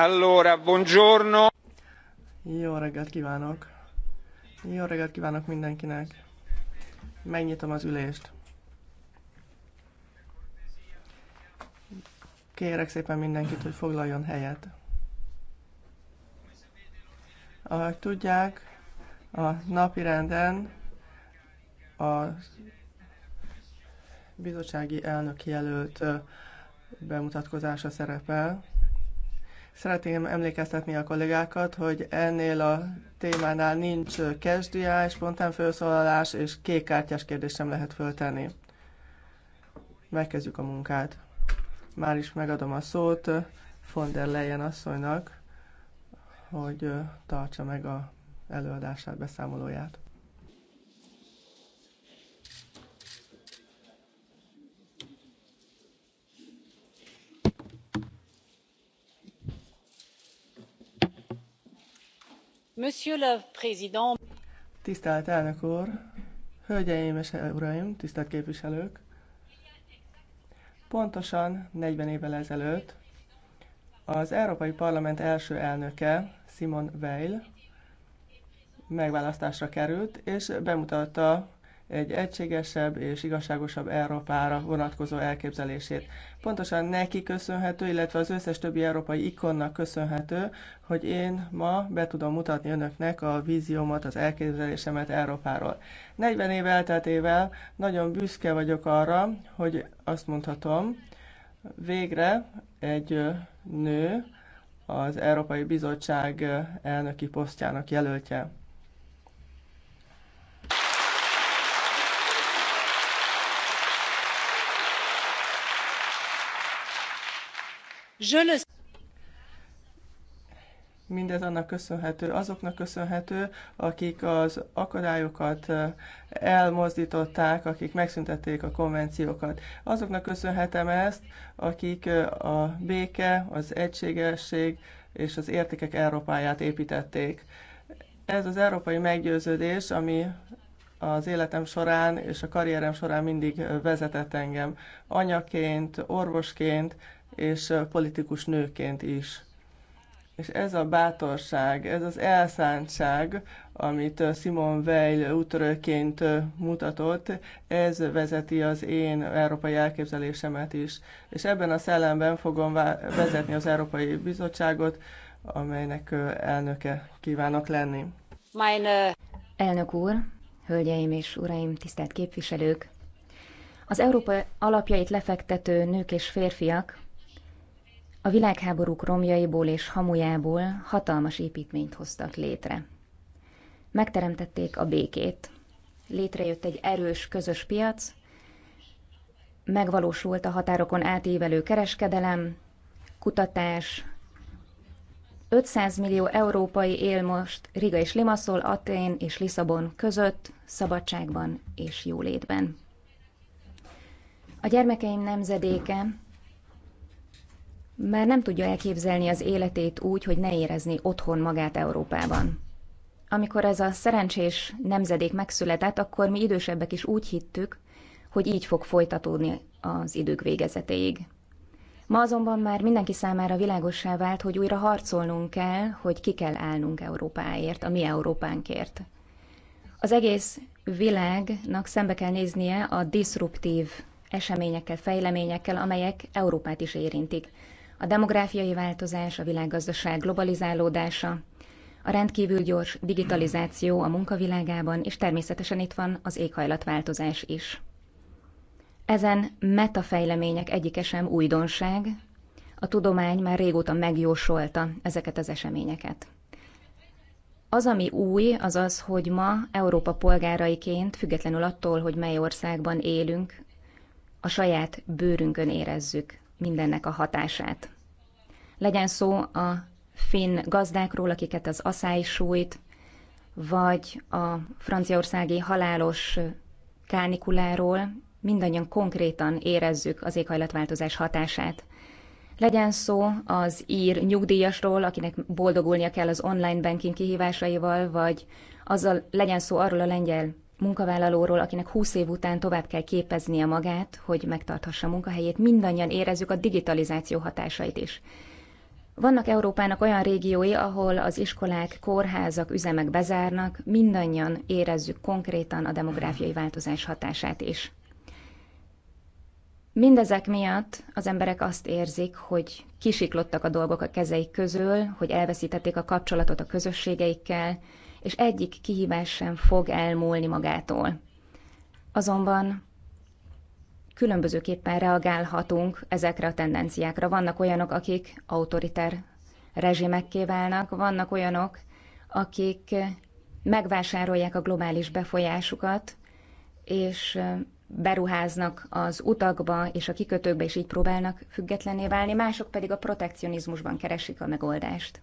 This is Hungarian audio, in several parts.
Allora, buongiorno. Jó reggelt kívánok. Jó reggelt kívánok mindenkinek. Megnyitom az ülést. Kérek szépen mindenkit, hogy foglaljon helyet. Ahogy tudják, a napi renden a bizottsági elnök jelölt bemutatkozása szerepel. Szeretném emlékeztetni a kollégákat, hogy ennél a témánál nincs és spontán felszólalás és kártyás kérdés sem lehet föltenni. Megkezdjük a munkát. Már is megadom a szót von der Leyen asszonynak, hogy tartsa meg a előadását, beszámolóját. Tisztelt elnök úr, hölgyeim és uraim, tisztelt képviselők! Pontosan negyven évvel ezelőtt az Európai Parlament első elnöke, Simon Veil megválasztásra került, és bemutatta egy egységesebb és igazságosabb Európára vonatkozó elképzelését. Pontosan neki köszönhető, illetve az összes többi európai ikonnak köszönhető, hogy én ma be tudom mutatni önöknek a víziómat, az elképzelésemet Európáról. 40 év elteltével nagyon büszke vagyok arra, hogy azt mondhatom, végre egy nő az Európai Bizottság elnöki posztjának jelöltje. Je le... Mindez annak köszönhető, azoknak köszönhető, akik az akadályokat elmozdították, akik megszüntették a konvenciókat. Azoknak köszönhetem ezt, akik a béke, az egységesség és az értékek Európáját építették. Ez az európai meggyőződés, ami az életem során és a karrierem során mindig vezetett engem. Anyaként, orvosként, és politikus nőként is. És ez a bátorság, ez az elszántság, amit Simon Weil útörőként mutatott, ez vezeti az én európai elképzelésemet is. És ebben a szellemben fogom vezetni az Európai Bizottságot, amelynek elnöke kívánok lenni. Meine... Elnök úr, hölgyeim és uraim, tisztelt képviselők! Az Európa alapjait lefektető nők és férfiak a világháborúk romjaiból és hamujából hatalmas építményt hoztak létre. Megteremtették a békét. Létrejött egy erős közös piac, megvalósult a határokon átívelő kereskedelem, kutatás, 500 millió európai él most Riga és Limassol, Atén és Lisszabon között, szabadságban és jólétben. A gyermekeim nemzedéke már nem tudja elképzelni az életét úgy, hogy ne érezni otthon magát Európában. Amikor ez a szerencsés nemzedék megszületett, akkor mi idősebbek is úgy hittük, hogy így fog folytatódni az idők végezetéig. Ma azonban már mindenki számára világossá vált, hogy újra harcolnunk kell, hogy ki kell állnunk Európáért, a mi Európánkért. Az egész világnak szembe kell néznie a diszruptív eseményekkel, fejleményekkel, amelyek Európát is érintik a demográfiai változás, a világgazdaság globalizálódása, a rendkívül gyors digitalizáció a munkavilágában, és természetesen itt van az éghajlatváltozás is. Ezen metafejlemények egyike sem újdonság, a tudomány már régóta megjósolta ezeket az eseményeket. Az, ami új, az az, hogy ma Európa polgáraiként, függetlenül attól, hogy mely országban élünk, a saját bőrünkön érezzük mindennek a hatását. Legyen szó a finn gazdákról, akiket az asszály sújt, vagy a franciaországi halálos kánikuláról, mindannyian konkrétan érezzük az éghajlatváltozás hatását. Legyen szó az ír nyugdíjasról, akinek boldogulnia kell az online banking kihívásaival, vagy azzal legyen szó arról a lengyel munkavállalóról, akinek 20 év után tovább kell képeznie magát, hogy megtarthassa a munkahelyét, mindannyian érezzük a digitalizáció hatásait is. Vannak Európának olyan régiói, ahol az iskolák, kórházak, üzemek bezárnak, mindannyian érezzük konkrétan a demográfiai változás hatását is. Mindezek miatt az emberek azt érzik, hogy kisiklottak a dolgok a kezeik közül, hogy elveszítették a kapcsolatot a közösségeikkel, és egyik kihívás sem fog elmúlni magától. Azonban különbözőképpen reagálhatunk ezekre a tendenciákra. Vannak olyanok, akik autoriter rezsimekké válnak, vannak olyanok, akik megvásárolják a globális befolyásukat, és beruháznak az utakba és a kikötőkbe, és így próbálnak függetlenné válni, mások pedig a protekcionizmusban keresik a megoldást.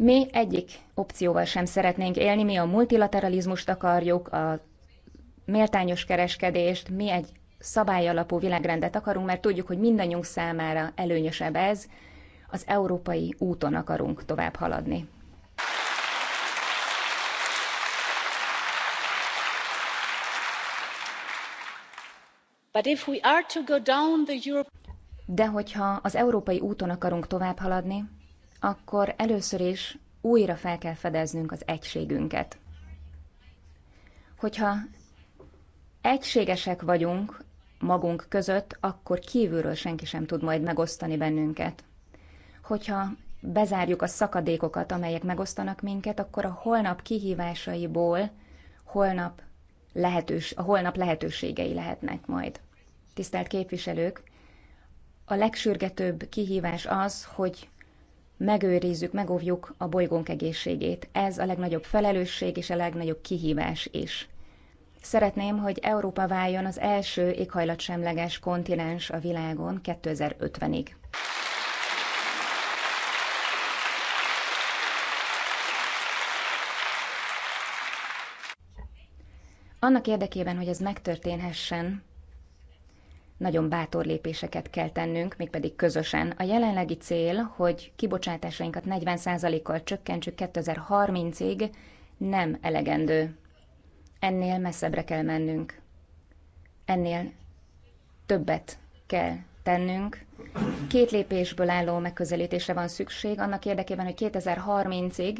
Mi egyik opcióval sem szeretnénk élni, mi a multilateralizmust akarjuk, a méltányos kereskedést, mi egy szabályalapú világrendet akarunk, mert tudjuk, hogy mindannyiunk számára előnyösebb ez, az európai úton akarunk tovább haladni. De hogyha az európai úton akarunk tovább haladni, akkor először is újra fel kell fedeznünk az egységünket. Hogyha egységesek vagyunk magunk között, akkor kívülről senki sem tud majd megosztani bennünket. Hogyha bezárjuk a szakadékokat, amelyek megosztanak minket, akkor a holnap kihívásaiból holnap lehetős, a holnap lehetőségei lehetnek majd. Tisztelt képviselők, a legsürgetőbb kihívás az, hogy megőrizzük, megóvjuk a bolygónk egészségét. Ez a legnagyobb felelősség és a legnagyobb kihívás is. Szeretném, hogy Európa váljon az első éghajlatsemleges kontinens a világon 2050-ig. Annak érdekében, hogy ez megtörténhessen, nagyon bátor lépéseket kell tennünk, mégpedig közösen. A jelenlegi cél, hogy kibocsátásainkat 40%-kal csökkentsük 2030-ig, nem elegendő. Ennél messzebbre kell mennünk. Ennél többet kell tennünk. Két lépésből álló megközelítésre van szükség annak érdekében, hogy 2030-ig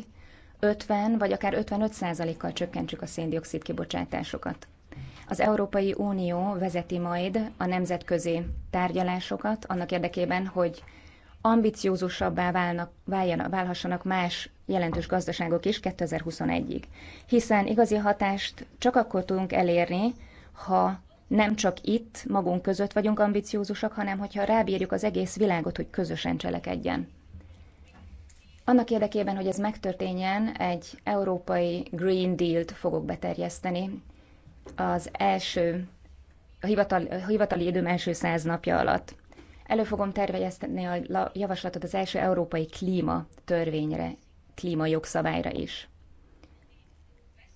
50 vagy akár 55%-kal csökkentsük a széndiokszid kibocsátásokat. Az Európai Unió vezeti majd a nemzetközi tárgyalásokat annak érdekében, hogy ambiciózusabbá válnak, váljanak, válhassanak más jelentős gazdaságok is 2021-ig. Hiszen igazi hatást csak akkor tudunk elérni, ha nem csak itt, magunk között vagyunk ambiciózusak, hanem hogyha rábírjuk az egész világot, hogy közösen cselekedjen. Annak érdekében, hogy ez megtörténjen, egy európai Green Deal-t fogok beterjeszteni az első, a, hivatal, a hivatali időm első száz napja alatt. Elő fogom tervejeszteni a javaslatot az első európai klíma törvényre, klíma jogszabályra is.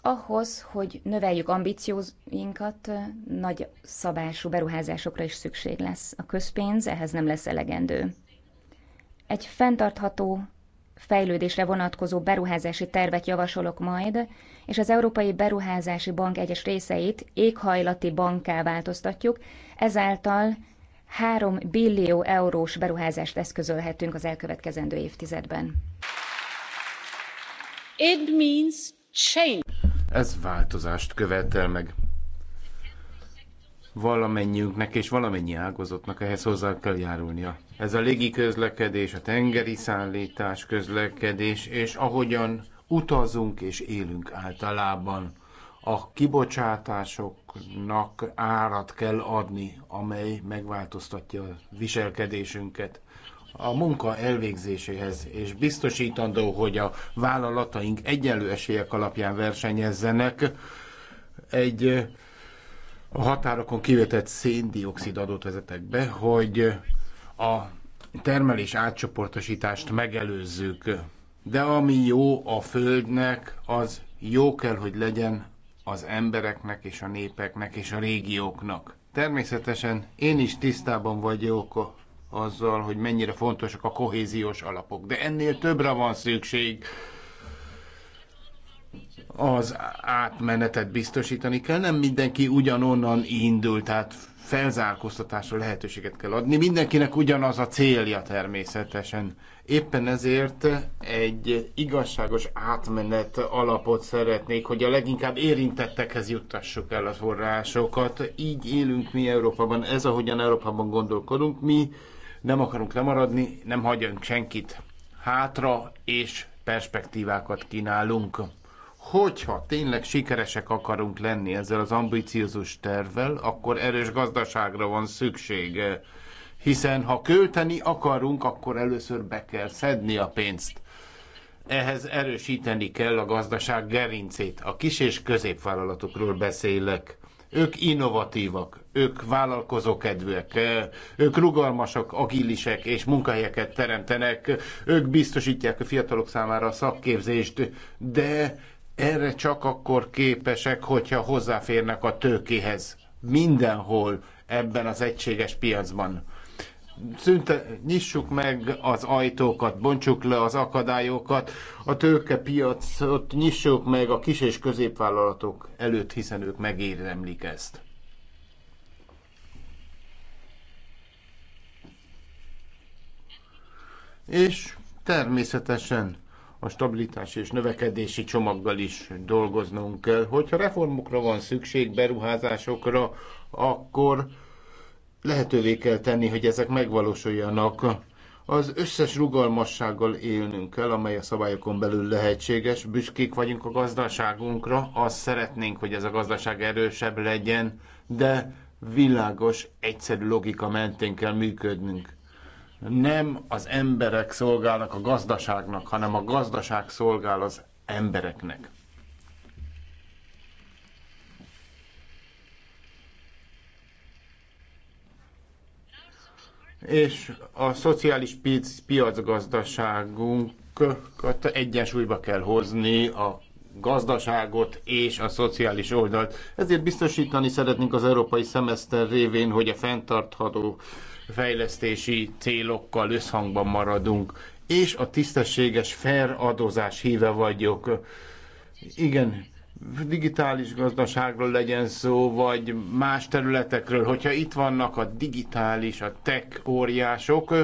Ahhoz, hogy növeljük ambícióinkat, nagy szabású beruházásokra is szükség lesz. A közpénz ehhez nem lesz elegendő. Egy fenntartható fejlődésre vonatkozó beruházási tervet javasolok majd, és az Európai Beruházási Bank egyes részeit éghajlati banká változtatjuk, ezáltal 3 billió eurós beruházást eszközölhetünk az elkövetkezendő évtizedben. It means change. Ez változást követel meg. Valamennyiünknek és valamennyi ágazatnak ehhez hozzá kell járulnia. Ez a légi közlekedés, a tengeri szállítás közlekedés, és ahogyan utazunk és élünk általában. A kibocsátásoknak árat kell adni, amely megváltoztatja a viselkedésünket a munka elvégzéséhez, és biztosítandó, hogy a vállalataink egyenlő esélyek alapján versenyezzenek, egy a határokon kivetett széndiokszid adót vezetek be, hogy a termelés átcsoportosítást megelőzzük. De ami jó a földnek, az jó kell, hogy legyen az embereknek és a népeknek és a régióknak. Természetesen én is tisztában vagyok azzal, hogy mennyire fontosak a kohéziós alapok, de ennél többre van szükség az átmenetet biztosítani kell. Nem mindenki ugyanonnan indul, tehát felzárkóztatásra lehetőséget kell adni. Mindenkinek ugyanaz a célja természetesen. Éppen ezért egy igazságos átmenet alapot szeretnék, hogy a leginkább érintettekhez juttassuk el a forrásokat. Így élünk mi Európában, ez ahogyan Európában gondolkodunk. Mi nem akarunk lemaradni, nem hagyunk senkit hátra, és perspektívákat kínálunk hogyha tényleg sikeresek akarunk lenni ezzel az ambiciózus tervvel, akkor erős gazdaságra van szükség. Hiszen ha költeni akarunk, akkor először be kell szedni a pénzt. Ehhez erősíteni kell a gazdaság gerincét. A kis és középvállalatokról beszélek. Ők innovatívak, ők vállalkozókedvűek, ők rugalmasak, agilisek és munkahelyeket teremtenek, ők biztosítják a fiatalok számára a szakképzést, de erre csak akkor képesek, hogyha hozzáférnek a tőkéhez. Mindenhol ebben az egységes piacban. Szünte, nyissuk meg az ajtókat, bontsuk le az akadályokat, a tőkepiacot nyissuk meg a kis és középvállalatok előtt, hiszen ők megérdemlik ezt. És természetesen a stabilitási és növekedési csomaggal is dolgoznunk kell. Hogyha reformokra van szükség, beruházásokra, akkor lehetővé kell tenni, hogy ezek megvalósuljanak. Az összes rugalmassággal élnünk kell, amely a szabályokon belül lehetséges. Büszkék vagyunk a gazdaságunkra, azt szeretnénk, hogy ez a gazdaság erősebb legyen, de világos, egyszerű logika mentén kell működnünk nem az emberek szolgálnak a gazdaságnak, hanem a gazdaság szolgál az embereknek. És a szociális piac, piacgazdaságunkat egyensúlyba kell hozni a gazdaságot és a szociális oldalt. Ezért biztosítani szeretnénk az európai szemeszter révén, hogy a fenntartható fejlesztési célokkal összhangban maradunk, és a tisztességes fair adózás híve vagyok. Igen, digitális gazdaságról legyen szó, vagy más területekről, hogyha itt vannak a digitális, a tech óriások,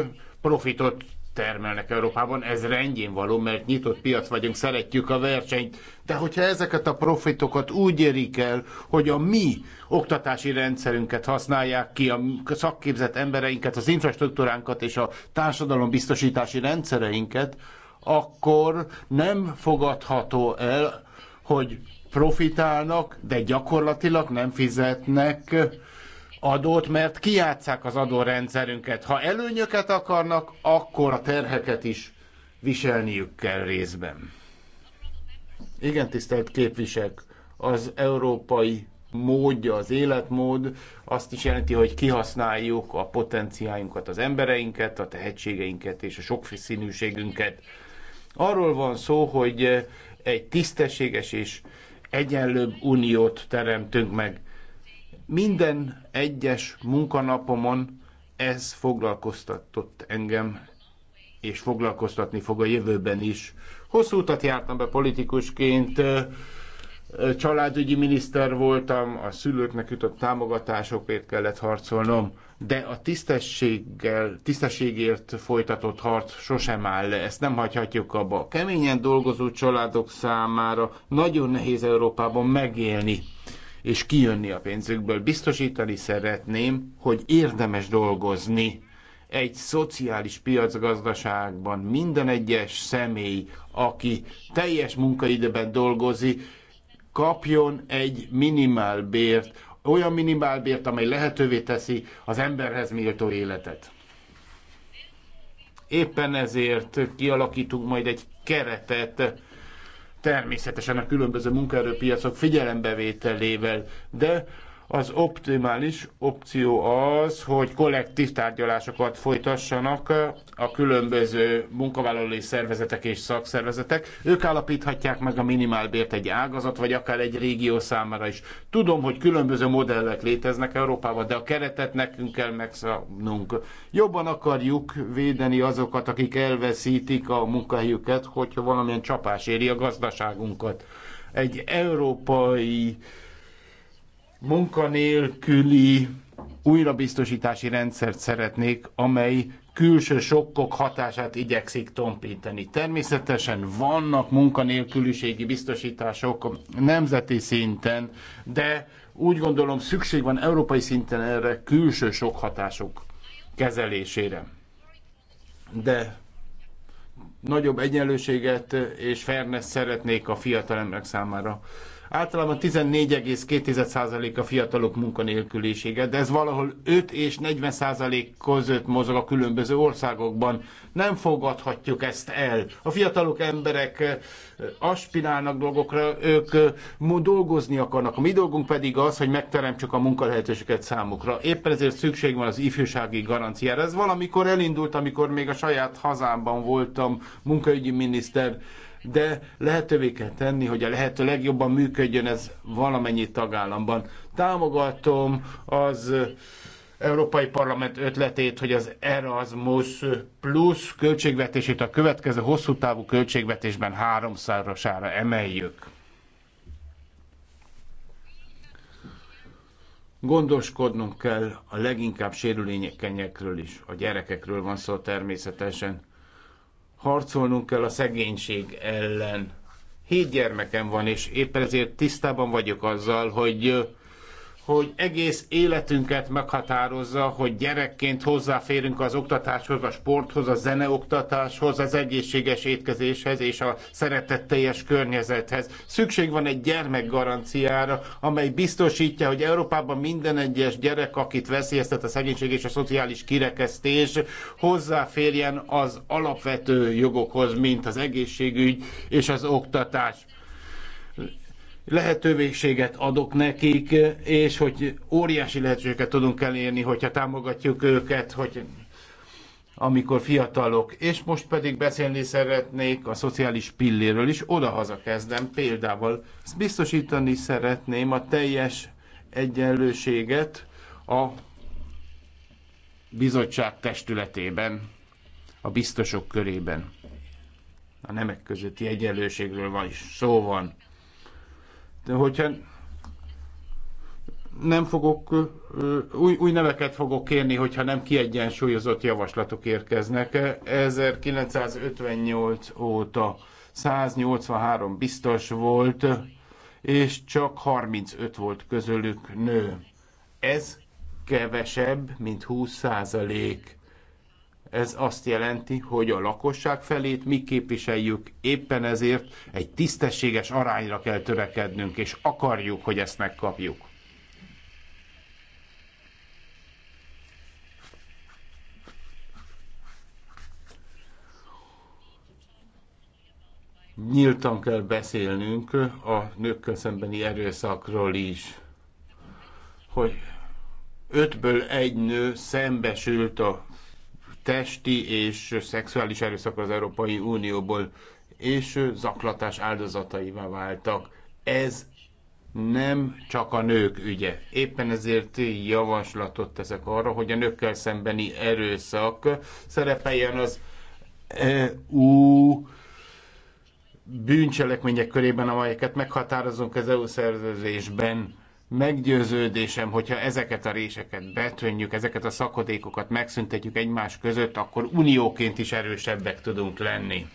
profitot termelnek Európában, ez rendjén való, mert nyitott piac vagyunk, szeretjük a versenyt, de hogyha ezeket a profitokat úgy érik el, hogy a mi oktatási rendszerünket használják ki, a szakképzett embereinket, az infrastruktúránkat és a társadalom biztosítási rendszereinket, akkor nem fogadható el, hogy profitálnak, de gyakorlatilag nem fizetnek adót, mert kiátszák az adórendszerünket. Ha előnyöket akarnak, akkor a terheket is viselniük kell részben. Igen, tisztelt képvisek, az európai módja, az életmód azt is jelenti, hogy kihasználjuk a potenciáinkat, az embereinket, a tehetségeinket és a sokfészínűségünket. Arról van szó, hogy egy tisztességes és egyenlőbb uniót teremtünk meg. Minden egyes munkanapomon ez foglalkoztatott engem, és foglalkoztatni fog a jövőben is. Hosszú utat jártam be politikusként, családügyi miniszter voltam, a szülőknek jutott támogatásokért kellett harcolnom, de a tisztességgel, tisztességért folytatott harc sosem áll le, ezt nem hagyhatjuk abba. Keményen dolgozó családok számára nagyon nehéz Európában megélni és kijönni a pénzükből. Biztosítani szeretném, hogy érdemes dolgozni. Egy szociális piacgazdaságban minden egyes személy, aki teljes munkaidőben dolgozik, kapjon egy minimálbért, olyan minimálbért, amely lehetővé teszi az emberhez méltó életet. Éppen ezért kialakítunk majd egy keretet, természetesen a különböző munkaerőpiacok figyelembevételével, de az optimális opció az, hogy kollektív tárgyalásokat folytassanak a különböző munkavállalói szervezetek és szakszervezetek. Ők állapíthatják meg a minimálbért egy ágazat, vagy akár egy régió számára is. Tudom, hogy különböző modellek léteznek Európában, de a keretet nekünk kell megszabnunk. Jobban akarjuk védeni azokat, akik elveszítik a munkahelyüket, hogyha valamilyen csapás éri a gazdaságunkat. Egy európai munkanélküli újrabiztosítási rendszert szeretnék, amely külső sokkok hatását igyekszik tompítani. Természetesen vannak munkanélküliségi biztosítások nemzeti szinten, de úgy gondolom szükség van európai szinten erre külső sok hatások kezelésére. De nagyobb egyenlőséget és fairness szeretnék a fiatal emberek számára. Általában 14,2% a fiatalok munkanélkülisége, de ez valahol 5 és 40% között mozog a különböző országokban. Nem fogadhatjuk ezt el. A fiatalok emberek aspirálnak dolgokra, ők dolgozni akarnak. A mi dolgunk pedig az, hogy megteremtsük a munkalehetőséget számukra. Éppen ezért szükség van az ifjúsági garanciára. Ez valamikor elindult, amikor még a saját hazámban voltam munkaügyi miniszter de lehetővé kell tenni, hogy a lehető legjobban működjön ez valamennyi tagállamban. Támogatom az Európai Parlament ötletét, hogy az Erasmus plusz költségvetését a következő hosszú távú költségvetésben háromszárosára emeljük. Gondoskodnunk kell a leginkább sérülékenyekről is. A gyerekekről van szó természetesen harcolnunk kell a szegénység ellen. Hét gyermekem van, és éppen ezért tisztában vagyok azzal, hogy hogy egész életünket meghatározza, hogy gyerekként hozzáférünk az oktatáshoz, a sporthoz, a zeneoktatáshoz, az egészséges étkezéshez és a szeretetteljes környezethez. Szükség van egy gyermekgaranciára, amely biztosítja, hogy Európában minden egyes gyerek, akit veszélyeztet a szegénység és a szociális kirekesztés, hozzáférjen az alapvető jogokhoz, mint az egészségügy és az oktatás lehetőséget adok nekik, és hogy óriási lehetőséget tudunk elérni, hogyha támogatjuk őket, hogy amikor fiatalok. És most pedig beszélni szeretnék a szociális pilléről is, oda-haza kezdem példával. Ezt biztosítani szeretném a teljes egyenlőséget a bizottság testületében, a biztosok körében. A nemek közötti egyenlőségről van is szó van. De hogyha nem fogok, új, új neveket fogok kérni, hogyha nem kiegyensúlyozott javaslatok érkeznek. 1958 óta 183 biztos volt, és csak 35 volt közülük nő. Ez kevesebb, mint 20 százalék. Ez azt jelenti, hogy a lakosság felét mi képviseljük, éppen ezért egy tisztességes arányra kell törekednünk, és akarjuk, hogy ezt megkapjuk. nyíltan kell beszélnünk a nőkkel szembeni erőszakról is, hogy ötből egy nő szembesült a testi és szexuális erőszak az Európai Unióból, és zaklatás áldozataivá váltak. Ez nem csak a nők ügye. Éppen ezért javaslatot teszek arra, hogy a nőkkel szembeni erőszak szerepeljen az EU bűncselekmények körében, amelyeket meghatározunk az EU szerződésben Meggyőződésem, hogyha ezeket a réseket betönjük, ezeket a szakadékokat megszüntetjük egymás között, akkor unióként is erősebbek tudunk lenni.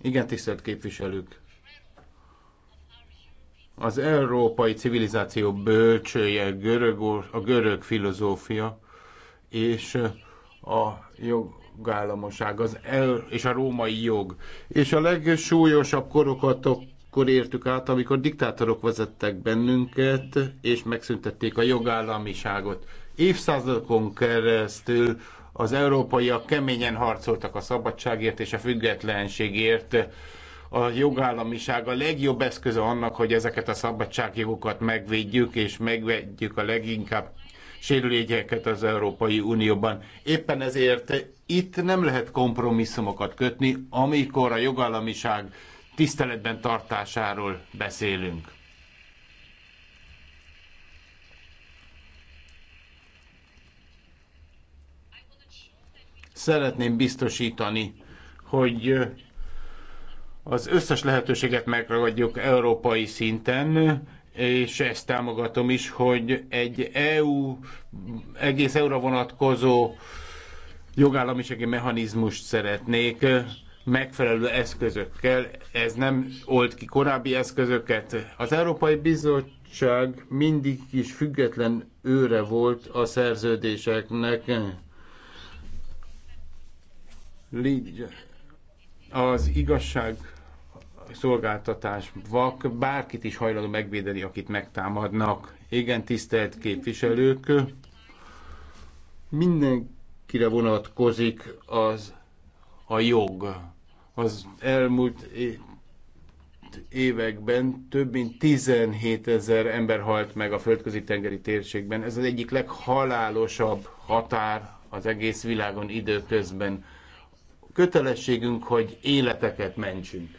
Igen, tisztelt képviselők! Az európai civilizáció bölcsője görög, a görög filozófia és a jog, jogállamoság az el, és a római jog. És a legsúlyosabb korokat akkor értük át, amikor diktátorok vezettek bennünket, és megszüntették a jogállamiságot. Évszázadokon keresztül az európaiak keményen harcoltak a szabadságért és a függetlenségért. A jogállamiság a legjobb eszköze annak, hogy ezeket a szabadságjogokat megvédjük, és megvédjük a leginkább sérülényeket az Európai Unióban. Éppen ezért itt nem lehet kompromisszumokat kötni, amikor a jogállamiság tiszteletben tartásáról beszélünk. Szeretném biztosítani, hogy az összes lehetőséget megragadjuk európai szinten, és ezt támogatom is, hogy egy EU, egész EU-ra vonatkozó jogállamisági mechanizmust szeretnék megfelelő eszközökkel. Ez nem old ki korábbi eszközöket. Az Európai Bizottság mindig is független őre volt a szerződéseknek. Az igazság szolgáltatás vak, bárkit is hajlandó megvédeni, akit megtámadnak. Igen, tisztelt képviselők, mindenkire vonatkozik az a jog. Az elmúlt években több mint 17 ezer ember halt meg a földközi tengeri térségben. Ez az egyik leghalálosabb határ az egész világon időközben. Kötelességünk, hogy életeket mentsünk.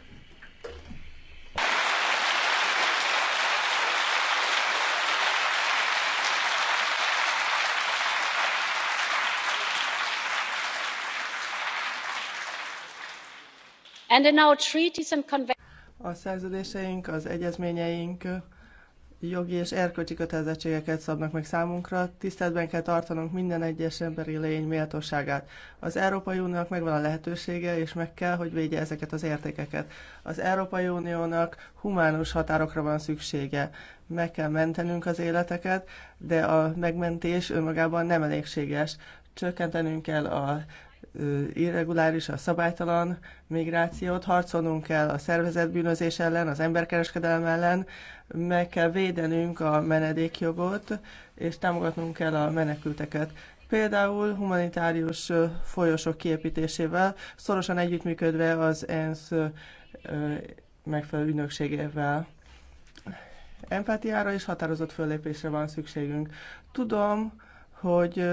A szerződéseink, az egyezményeink jogi és erkölcsi kötelezettségeket szabnak meg számunkra, tiszteletben kell tartanunk minden egyes emberi lény méltóságát. Az Európai Uniónak megvan a lehetősége, és meg kell, hogy védje ezeket az értékeket. Az Európai Uniónak humánus határokra van szüksége. Meg kell mentenünk az életeket, de a megmentés önmagában nem elégséges. Csökkentenünk kell a irreguláris, a szabálytalan migrációt, harcolnunk kell a szervezetbűnözés ellen, az emberkereskedelem ellen, meg kell védenünk a menedékjogot, és támogatnunk kell a menekülteket. Például humanitárius folyosok kiépítésével, szorosan együttműködve az ENSZ megfelelő ügynökségével. Empátiára és határozott föllépésre van szükségünk. Tudom, hogy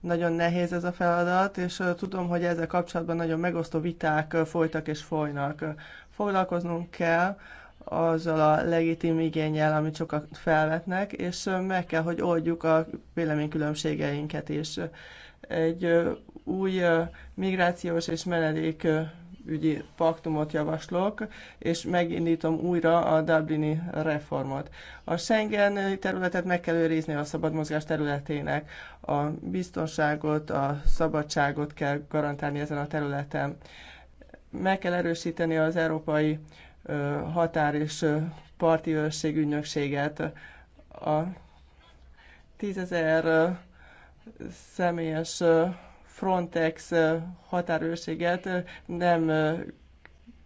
nagyon nehéz ez a feladat, és tudom, hogy ezzel kapcsolatban nagyon megosztó viták folytak és folynak. Foglalkoznunk kell azzal a legitim igényel, amit sokat felvetnek, és meg kell, hogy oldjuk a véleménykülönbségeinket is. Egy új migrációs és menedék ügyi paktumot javaslok, és megindítom újra a Dublini reformot. A Schengen területet meg kell őrizni a szabad mozgás területének. A biztonságot, a szabadságot kell garantálni ezen a területen. Meg kell erősíteni az európai határ és parti őrség ügynökséget. A tízezer személyes Frontex határőrséget nem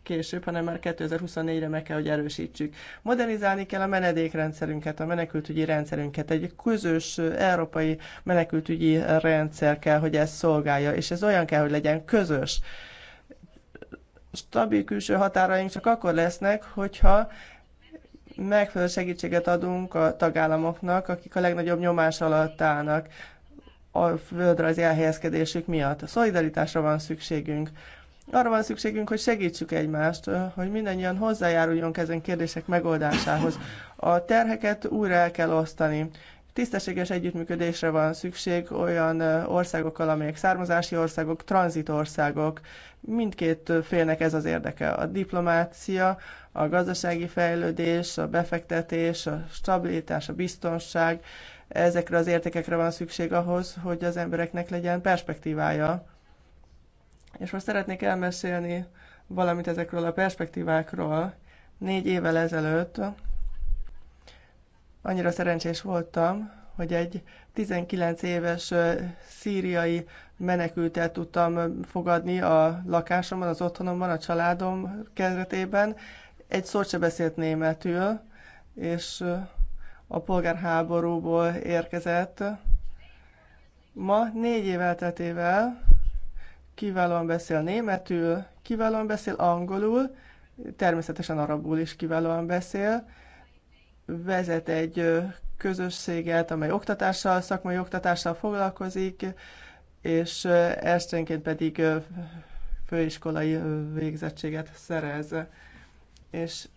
később, hanem már 2024-re meg kell, hogy erősítsük. Modernizálni kell a menedékrendszerünket, a menekültügyi rendszerünket. Egy közös európai menekültügyi rendszer kell, hogy ezt szolgálja, és ez olyan kell, hogy legyen közös. Stabil külső határaink csak akkor lesznek, hogyha megfelelő segítséget adunk a tagállamoknak, akik a legnagyobb nyomás alatt állnak a földrajzi elhelyezkedésük miatt. Szolidaritásra van szükségünk. Arra van szükségünk, hogy segítsük egymást, hogy mindannyian hozzájáruljon ezen kérdések megoldásához. A terheket újra el kell osztani. Tisztességes együttműködésre van szükség olyan országokkal, amelyek származási országok, tranzitországok. Mindkét félnek ez az érdeke. A diplomácia, a gazdasági fejlődés, a befektetés, a stabilitás, a biztonság Ezekre az értékekre van szükség ahhoz, hogy az embereknek legyen perspektívája. És most szeretnék elmesélni valamit ezekről a perspektívákról. Négy évvel ezelőtt annyira szerencsés voltam, hogy egy 19 éves szíriai menekültet tudtam fogadni a lakásomban, az otthonomban, a családom keretében. Egy szót se beszélt németül, és a polgárháborúból érkezett. Ma négy év elteltével kiválóan beszél németül, kiválóan beszél angolul, természetesen arabul is kiválóan beszél, vezet egy közösséget, amely oktatással, szakmai oktatással foglalkozik, és esténként pedig főiskolai végzettséget szerez. És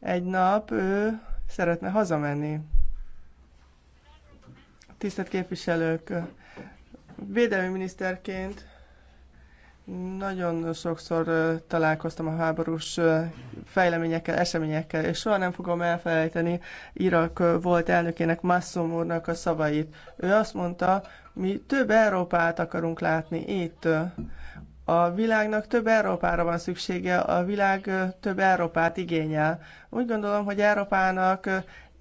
egy nap ő szeretne hazamenni. Tisztelt képviselők! Védelmi miniszterként nagyon sokszor találkoztam a háborús fejleményekkel, eseményekkel, és soha nem fogom elfelejteni Irak volt elnökének Massum úrnak a szavait. Ő azt mondta, mi több Európát akarunk látni itt. A világnak több Európára van szüksége, a világ több Európát igényel. Úgy gondolom, hogy Európának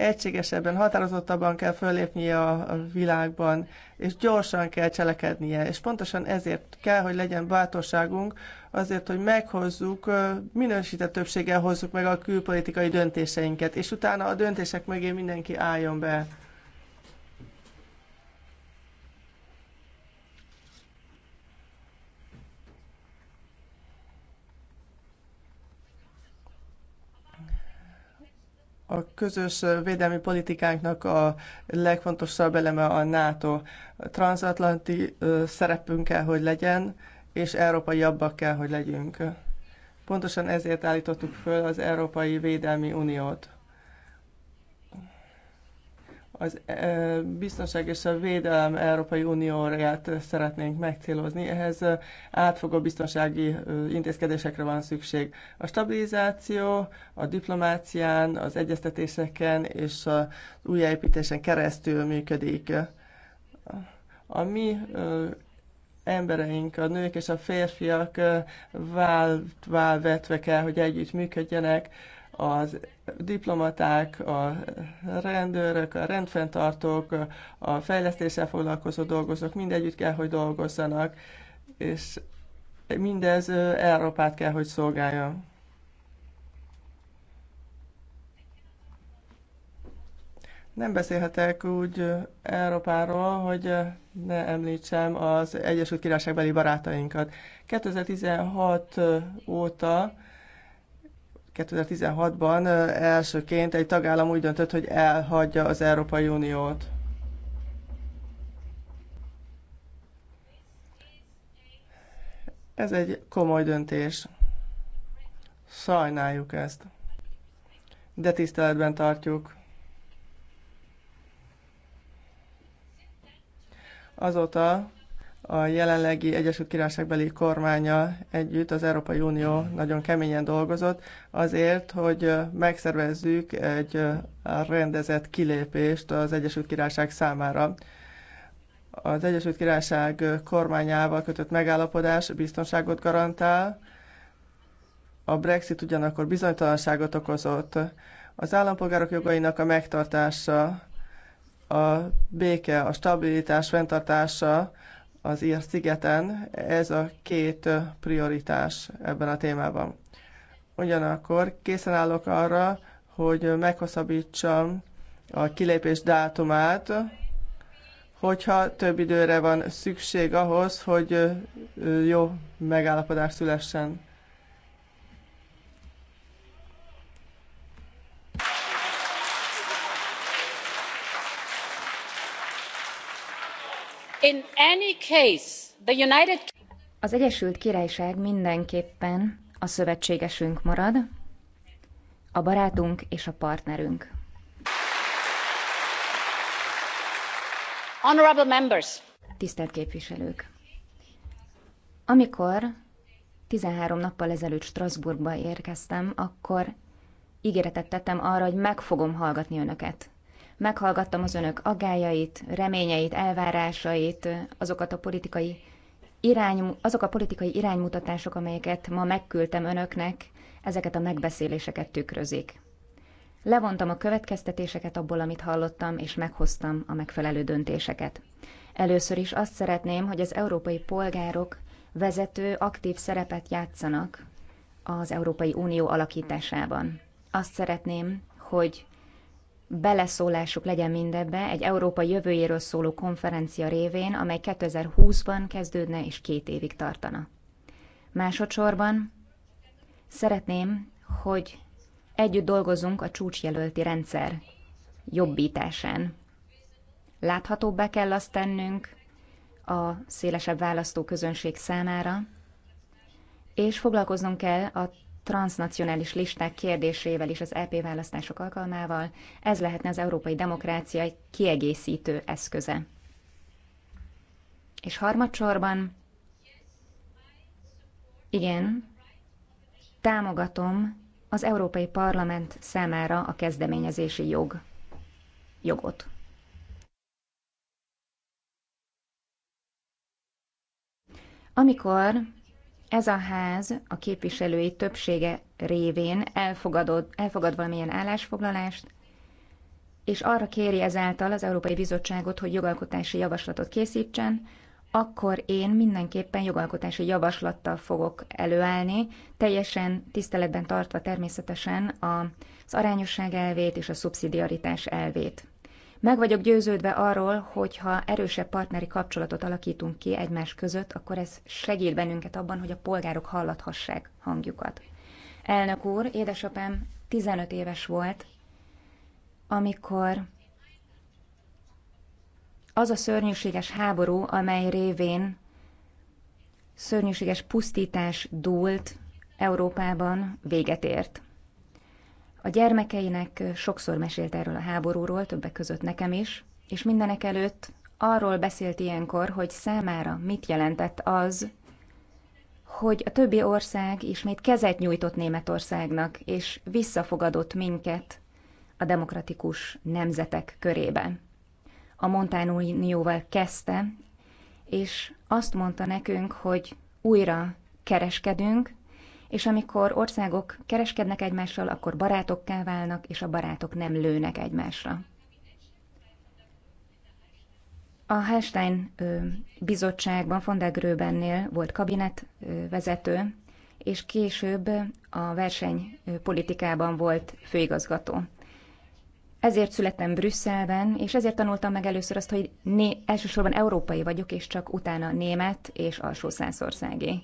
egységesebben, határozottabban kell föllépnie a, világban, és gyorsan kell cselekednie. És pontosan ezért kell, hogy legyen bátorságunk, azért, hogy meghozzuk, minősített többséggel hozzuk meg a külpolitikai döntéseinket, és utána a döntések mögé mindenki álljon be. A közös védelmi politikánknak a legfontosabb eleme a NATO. A transatlanti szerepünk kell, hogy legyen, és európaiabbak kell, hogy legyünk. Pontosan ezért állítottuk föl az Európai Védelmi Uniót az biztonság és a védelem Európai Unióját szeretnénk megcélozni. Ehhez átfogó biztonsági intézkedésekre van szükség. A stabilizáció, a diplomácián, az egyeztetéseken és az újjáépítésen keresztül működik. A mi embereink, a nők és a férfiak vált, vált vetve kell, hogy együtt működjenek, az diplomaták, a rendőrök, a rendfenntartók, a fejlesztéssel foglalkozó dolgozók mind együtt kell, hogy dolgozzanak, és mindez Európát kell, hogy szolgálja. Nem beszélhetek úgy Európáról, hogy ne említsem az Egyesült Királyságbeli barátainkat. 2016 óta 2016-ban elsőként egy tagállam úgy döntött, hogy elhagyja az Európai Uniót. Ez egy komoly döntés. Sajnáljuk ezt. De tiszteletben tartjuk. Azóta a jelenlegi Egyesült Királyságbeli kormánya együtt az Európai Unió nagyon keményen dolgozott azért, hogy megszervezzük egy rendezett kilépést az Egyesült Királyság számára. Az Egyesült Királyság kormányával kötött megállapodás biztonságot garantál, a Brexit ugyanakkor bizonytalanságot okozott. Az állampolgárok jogainak a megtartása, a béke, a stabilitás fenntartása, az ír szigeten. Ez a két prioritás ebben a témában. Ugyanakkor készen állok arra, hogy meghosszabbítsam a kilépés dátumát, hogyha több időre van szükség ahhoz, hogy jó megállapodás szülessen. Az Egyesült Királyság mindenképpen a szövetségesünk marad, a barátunk és a partnerünk. Honorable members. Tisztelt képviselők! Amikor 13 nappal ezelőtt Strasbourgba érkeztem, akkor ígéretet tettem arra, hogy meg fogom hallgatni önöket meghallgattam az önök aggájait, reményeit, elvárásait, azokat a politikai irány, azok a politikai iránymutatások, amelyeket ma megküldtem önöknek, ezeket a megbeszéléseket tükrözik. Levontam a következtetéseket abból, amit hallottam, és meghoztam a megfelelő döntéseket. Először is azt szeretném, hogy az európai polgárok vezető, aktív szerepet játszanak az Európai Unió alakításában. Azt szeretném, hogy beleszólásuk legyen mindebbe egy Európa jövőjéről szóló konferencia révén, amely 2020-ban kezdődne és két évig tartana. Másodszorban szeretném, hogy együtt dolgozunk a csúcsjelölti rendszer jobbításán. Láthatóbbá kell azt tennünk a szélesebb választóközönség számára, és foglalkoznunk kell a transnacionális listák kérdésével és az EP választások alkalmával, ez lehetne az európai demokrácia egy kiegészítő eszköze. És harmadsorban, igen, támogatom az Európai Parlament számára a kezdeményezési jog, jogot. Amikor ez a ház a képviselői többsége révén elfogadott, elfogad valamilyen állásfoglalást, és arra kéri ezáltal az Európai Bizottságot, hogy jogalkotási javaslatot készítsen, akkor én mindenképpen jogalkotási javaslattal fogok előállni, teljesen tiszteletben tartva természetesen az arányosság elvét és a szubszidiaritás elvét. Meg vagyok győződve arról, hogy ha erősebb partneri kapcsolatot alakítunk ki egymás között, akkor ez segít bennünket abban, hogy a polgárok hallathassák hangjukat. Elnök úr, édesapám 15 éves volt, amikor az a szörnyűséges háború, amely révén szörnyűséges pusztítás dúlt Európában, véget ért. A gyermekeinek sokszor mesélt erről a háborúról, többek között nekem is, és mindenek előtt arról beszélt ilyenkor, hogy számára mit jelentett az, hogy a többi ország ismét kezet nyújtott Németországnak, és visszafogadott minket a demokratikus nemzetek körébe. A Montán Unióval kezdte, és azt mondta nekünk, hogy újra kereskedünk, és amikor országok kereskednek egymással, akkor barátokká válnak, és a barátok nem lőnek egymásra. A Hallstein bizottságban von der Gröbennél volt kabinetvezető, és később a versenypolitikában volt főigazgató. Ezért születtem Brüsszelben, és ezért tanultam meg először azt, hogy né- elsősorban európai vagyok, és csak utána német és alsó százországé.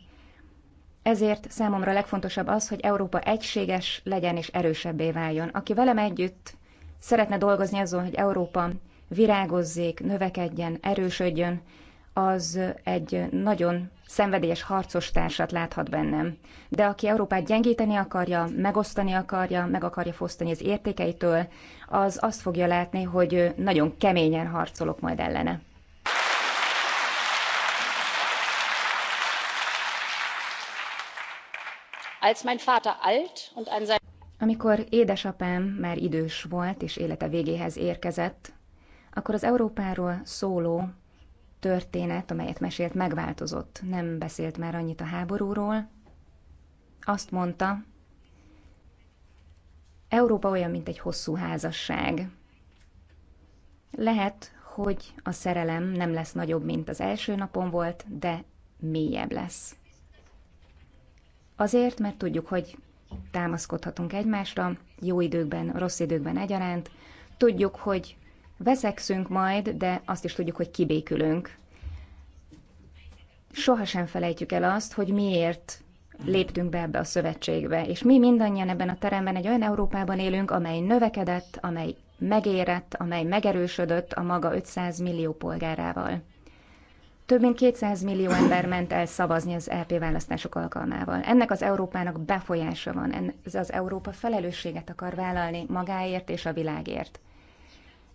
Ezért számomra legfontosabb az, hogy Európa egységes legyen és erősebbé váljon. Aki velem együtt szeretne dolgozni azon, hogy Európa virágozzék, növekedjen, erősödjön, az egy nagyon szenvedélyes harcos társat láthat bennem. De aki Európát gyengíteni akarja, megosztani akarja, meg akarja fosztani az értékeitől, az azt fogja látni, hogy nagyon keményen harcolok majd ellene. Amikor édesapám már idős volt és élete végéhez érkezett, akkor az Európáról szóló történet, amelyet mesélt, megváltozott. Nem beszélt már annyit a háborúról. Azt mondta, Európa olyan, mint egy hosszú házasság. Lehet, hogy a szerelem nem lesz nagyobb, mint az első napon volt, de mélyebb lesz. Azért, mert tudjuk, hogy támaszkodhatunk egymásra, jó időkben, rossz időkben egyaránt. Tudjuk, hogy veszekszünk majd, de azt is tudjuk, hogy kibékülünk. Sohasem felejtjük el azt, hogy miért léptünk be ebbe a szövetségbe, és mi mindannyian ebben a teremben egy olyan Európában élünk, amely növekedett, amely megérett, amely megerősödött a maga 500 millió polgárával. Több mint 200 millió ember ment el szavazni az LP e választások alkalmával. Ennek az Európának befolyása van, ez az Európa felelősséget akar vállalni magáért és a világért.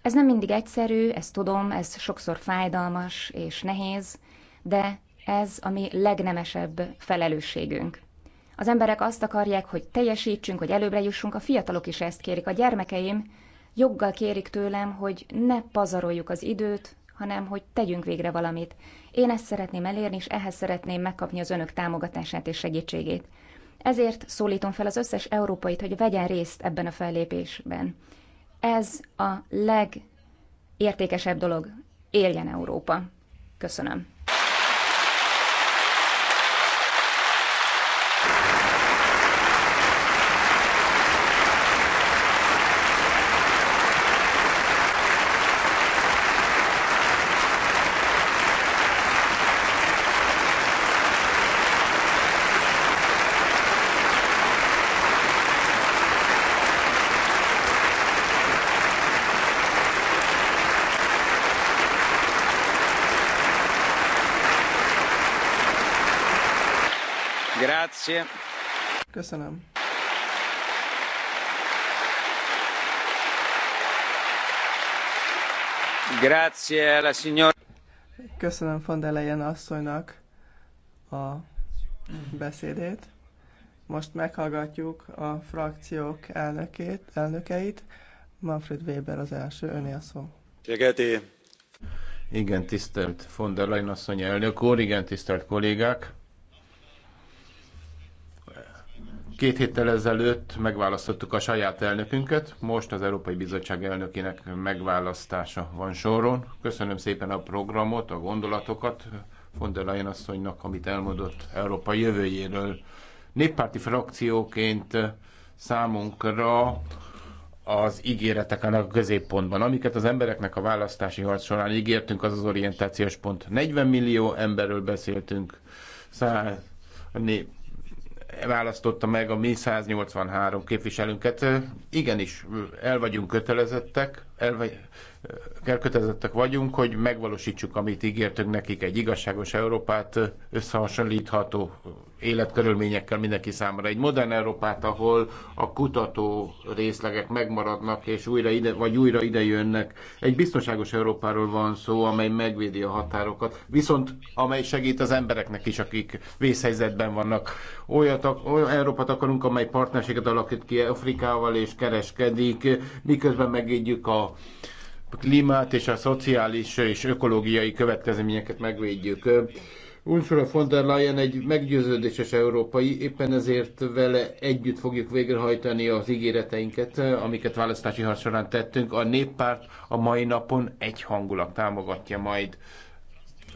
Ez nem mindig egyszerű, ezt tudom, ez sokszor fájdalmas és nehéz, de ez a mi legnemesebb felelősségünk. Az emberek azt akarják, hogy teljesítsünk, hogy előbbre jussunk, a fiatalok is ezt kérik, a gyermekeim joggal kérik tőlem, hogy ne pazaroljuk az időt, hanem hogy tegyünk végre valamit. Én ezt szeretném elérni, és ehhez szeretném megkapni az önök támogatását és segítségét. Ezért szólítom fel az összes európait, hogy vegyen részt ebben a fellépésben. Ez a legértékesebb dolog. Éljen Európa! Köszönöm. Grazie. Köszönöm. Grazie la signora. Köszönöm von der Leyen asszonynak a beszédét. Most meghallgatjuk a frakciók elnökét, elnökeit. Manfred Weber az első, öné a szó. Igen, tisztelt von der Leyen asszony elnök úr, igen, tisztelt kollégák. Két héttel ezelőtt megválasztottuk a saját elnökünket, most az Európai Bizottság elnökének megválasztása van soron. Köszönöm szépen a programot, a gondolatokat von der Leyen asszonynak, amit elmondott Európa jövőjéről. Néppárti frakcióként számunkra az ígéretek a középpontban. Amiket az embereknek a választási harc során ígértünk, az az orientációs pont. 40 millió emberről beszéltünk, 100, választotta meg a mi 183 képviselőnket. Igenis, el vagyunk kötelezettek, el vagy, elkötelezettek vagyunk, hogy megvalósítsuk, amit ígértünk nekik, egy igazságos Európát összehasonlítható életkörülményekkel mindenki számára. Egy modern Európát, ahol a kutató részlegek megmaradnak, és újra ide, vagy újra ide jönnek. Egy biztonságos Európáról van szó, amely megvédi a határokat, viszont amely segít az embereknek is, akik vészhelyzetben vannak. Olyat, olyan Európát akarunk, amely partnerséget alakít ki Afrikával és kereskedik, miközben megédjük a klímát és a szociális és ökológiai következményeket megvédjük. Ursula von der Leyen egy meggyőződéses európai, éppen ezért vele együtt fogjuk végrehajtani az ígéreteinket, amiket választási harc során tettünk. A néppárt a mai napon hangulat támogatja majd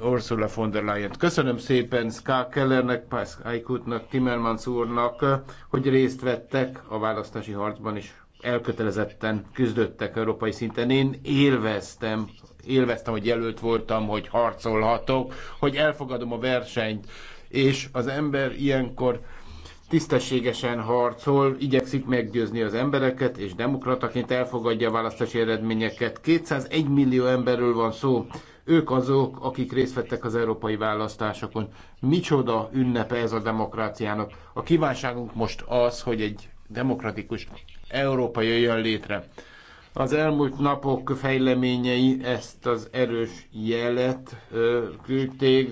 Ursula von der leyen -t. Köszönöm szépen Ská Kellernek, Pász Aikutnak, Timmermans úrnak, hogy részt vettek a választási harcban is elkötelezetten küzdöttek európai szinten. Én élveztem, élveztem, hogy jelölt voltam, hogy harcolhatok, hogy elfogadom a versenyt, és az ember ilyenkor tisztességesen harcol, igyekszik meggyőzni az embereket, és demokrataként elfogadja a választási eredményeket. 201 millió emberről van szó, ők azok, akik részt vettek az európai választásokon. Micsoda ünnepe ez a demokráciának. A kívánságunk most az, hogy egy demokratikus Európa jöjjön létre. Az elmúlt napok fejleményei ezt az erős jelet küldték,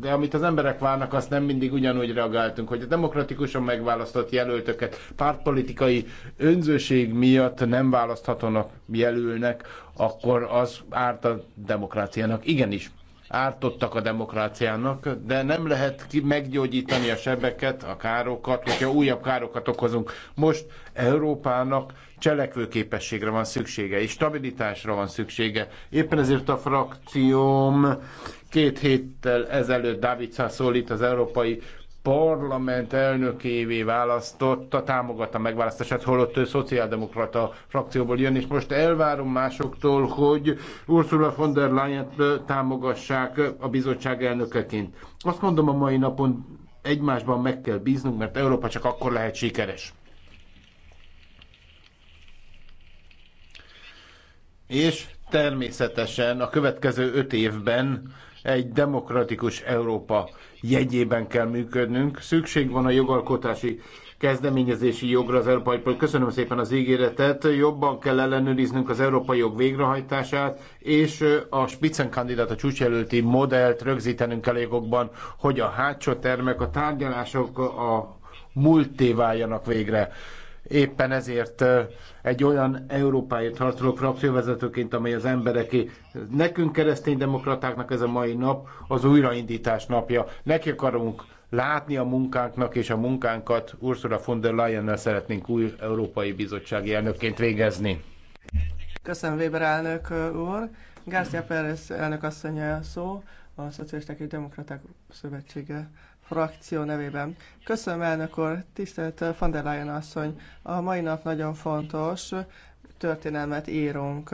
de amit az emberek várnak, azt nem mindig ugyanúgy reagáltunk, hogy a demokratikusan megválasztott jelöltöket pártpolitikai önzőség miatt nem választhatónak jelölnek, akkor az árt a demokráciának. Igenis, ártottak a demokráciának, de nem lehet ki meggyógyítani a sebeket, a károkat, hogyha újabb károkat okozunk. Most Európának cselekvőképességre van szüksége, és stabilitásra van szüksége. Éppen ezért a frakcióm két héttel ezelőtt Dávid szólít az Európai parlament elnökévé választotta, támogatta megválasztását, holott ő szociáldemokrata frakcióból jön, és most elvárom másoktól, hogy Ursula von der leyen támogassák a bizottság elnökeként. Azt mondom a mai napon, egymásban meg kell bíznunk, mert Európa csak akkor lehet sikeres. És természetesen a következő öt évben egy demokratikus Európa jegyében kell működnünk. Szükség van a jogalkotási kezdeményezési jogra az európai Köszönöm szépen az ígéretet. Jobban kell ellenőriznünk az európai jog végrehajtását, és a Spitzenkandidát, a csúcsjelölti modellt rögzítenünk kell jogokban, hogy a hátsó termek, a tárgyalások a múlté váljanak végre. Éppen ezért egy olyan európai harcoló frakcióvezetőként, amely az embereké. Nekünk keresztény demokratáknak ez a mai nap az újraindítás napja. Neki akarunk látni a munkánknak és a munkánkat Ursula von der leyen szeretnénk új Európai Bizottsági elnökként végezni. Köszönöm Weber elnök úr. Garcia Pérez elnök asszonya szó, a Szocialisták és Demokraták Szövetsége frakció nevében. Köszönöm, elnök úr, tisztelt eh, van der Leyen asszony. A mai nap nagyon fontos történelmet írunk.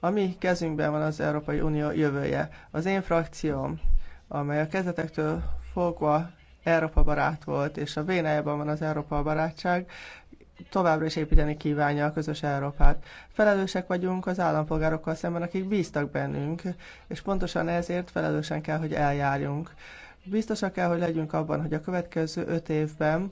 A mi kezünkben van az Európai Unió jövője. Az én frakcióm, amely a kezdetektől fogva Európa barát volt, és a vénájában van az Európa barátság, továbbra is építeni kívánja a közös Európát. Felelősek vagyunk az állampolgárokkal szemben, akik bíztak bennünk, és pontosan ezért felelősen kell, hogy eljárjunk. Biztosak kell, hogy legyünk abban, hogy a következő öt évben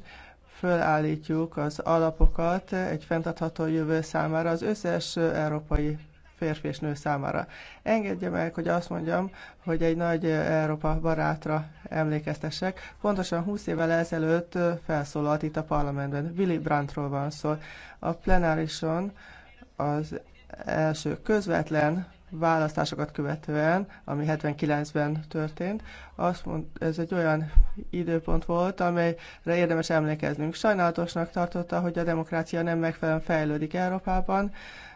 fölállítjuk az alapokat egy fenntartható jövő számára az összes európai férfi és nő számára. Engedje meg, hogy azt mondjam, hogy egy nagy Európa barátra emlékeztessek. Pontosan 20 évvel ezelőtt felszólalt itt a parlamentben. Willy Brandtról van szó. A plenárison az első közvetlen választásokat követően, ami 79-ben történt, azt mond, ez egy olyan időpont volt, amelyre érdemes emlékeznünk. Sajnálatosnak tartotta, hogy a demokrácia nem megfelelően fejlődik Európában,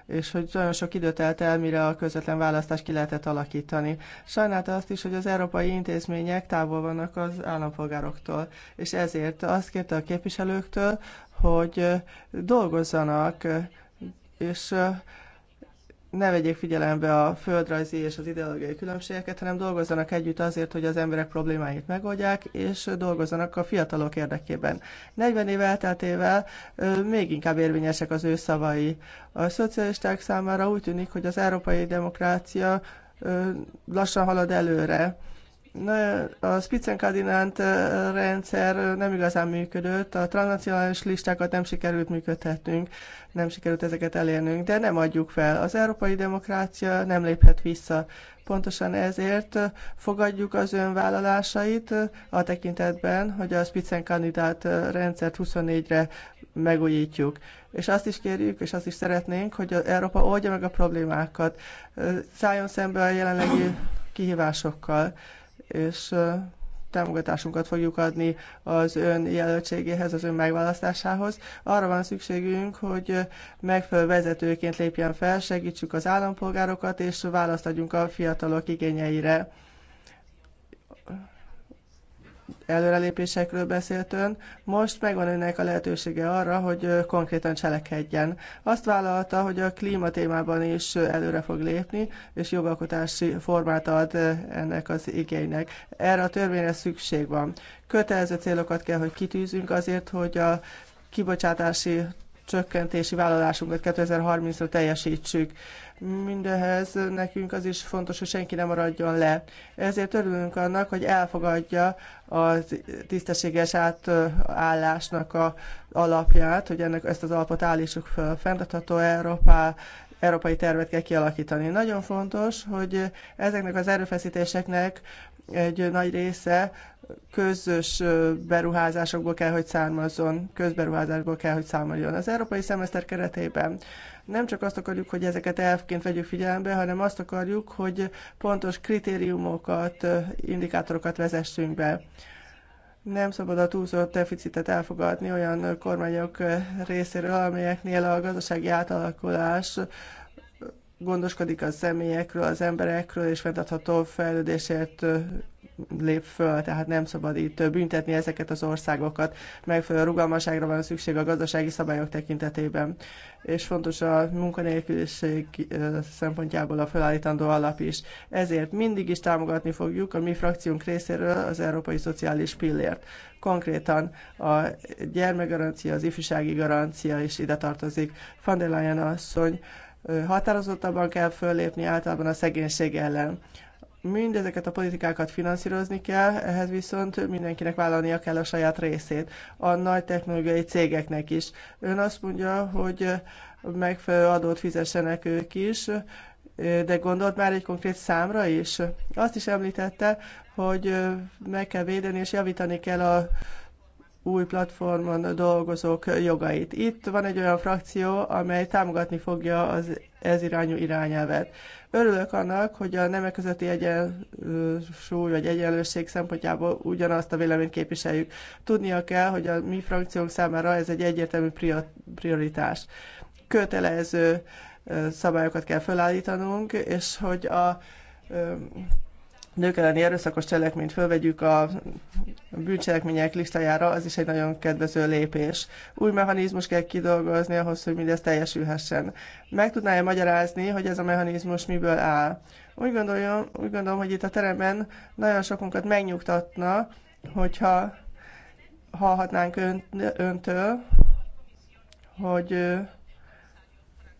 és hogy nagyon sok időt telt el, mire a közvetlen választást ki lehetett alakítani. Sajnálta azt is, hogy az európai intézmények távol vannak az állampolgároktól, és ezért azt kérte a képviselőktől, hogy dolgozzanak, és ne vegyék figyelembe a földrajzi és az ideológiai különbségeket, hanem dolgozzanak együtt azért, hogy az emberek problémáit megoldják, és dolgozzanak a fiatalok érdekében. 40 év elteltével még inkább érvényesek az ő szavai. A szocialisták számára úgy tűnik, hogy az európai demokrácia lassan halad előre a Spitzenkandidánt rendszer nem igazán működött, a transnacionális listákat nem sikerült működhetnünk, nem sikerült ezeket elérnünk, de nem adjuk fel. Az európai demokrácia nem léphet vissza. Pontosan ezért fogadjuk az ön vállalásait a tekintetben, hogy a Spitzenkandidát rendszert 24-re megújítjuk. És azt is kérjük, és azt is szeretnénk, hogy Európa oldja meg a problémákat, szálljon szembe a jelenlegi kihívásokkal és támogatásunkat fogjuk adni az ön jelöltségéhez, az ön megválasztásához. Arra van szükségünk, hogy megfelelő vezetőként lépjen fel, segítsük az állampolgárokat, és választ adjunk a fiatalok igényeire előrelépésekről beszélt ön. Most megvan önnek a lehetősége arra, hogy konkrétan cselekedjen. Azt vállalta, hogy a klíma témában is előre fog lépni, és jogalkotási formát ad ennek az igénynek. Erre a törvényre szükség van. Kötelező célokat kell, hogy kitűzünk azért, hogy a kibocsátási csökkentési vállalásunkat 2030-ra teljesítsük. Mindehhez nekünk az is fontos, hogy senki nem maradjon le. Ezért örülünk annak, hogy elfogadja a tisztességes átállásnak a alapját, hogy ennek ezt az alapot állítsuk fel. Fenntartható Európá európai tervet kell kialakítani. Nagyon fontos, hogy ezeknek az erőfeszítéseknek egy nagy része közös beruházásokból kell, hogy származzon, közberuházásból kell, hogy számoljon. Az európai szemeszter keretében nem csak azt akarjuk, hogy ezeket elfként vegyük figyelembe, hanem azt akarjuk, hogy pontos kritériumokat, indikátorokat vezessünk be. Nem szabad a túlzott deficitet elfogadni olyan kormányok részéről, amelyeknél a gazdasági átalakulás gondoskodik a személyekről, az emberekről, és fenntartható fejlődésért lép föl, tehát nem szabad itt büntetni ezeket az országokat. Megfelelő rugalmaságra van szükség a gazdasági szabályok tekintetében. És fontos a munkanélküliség szempontjából a felállítandó alap is. Ezért mindig is támogatni fogjuk a mi frakciónk részéről az Európai Szociális Pillért. Konkrétan a gyermekgarancia, az ifjúsági garancia is ide tartozik. Van der Leyen asszony határozottabban kell föllépni általában a szegénység ellen. Mindezeket a politikákat finanszírozni kell, ehhez viszont mindenkinek vállalnia kell a saját részét, a nagy technológiai cégeknek is. Ön azt mondja, hogy megfelelő adót fizessenek ők is, de gondolt már egy konkrét számra is? Azt is említette, hogy meg kell védeni és javítani kell a új platformon dolgozók jogait. Itt van egy olyan frakció, amely támogatni fogja az ez irányú irányelvet. Örülök annak, hogy a nemek közötti egyensúly vagy egyenlőség szempontjából ugyanazt a véleményt képviseljük. Tudnia kell, hogy a mi frakciónk számára ez egy egyértelmű prioritás. Kötelező szabályokat kell felállítanunk, és hogy a nők elleni erőszakos cselekményt fölvegyük a bűncselekmények listájára, az is egy nagyon kedvező lépés. Új mechanizmus kell kidolgozni ahhoz, hogy mindez teljesülhessen. Meg tudná-e magyarázni, hogy ez a mechanizmus miből áll? Úgy, gondolom, úgy gondolom, hogy itt a teremben nagyon sokunkat megnyugtatna, hogyha hallhatnánk ön, öntől, hogy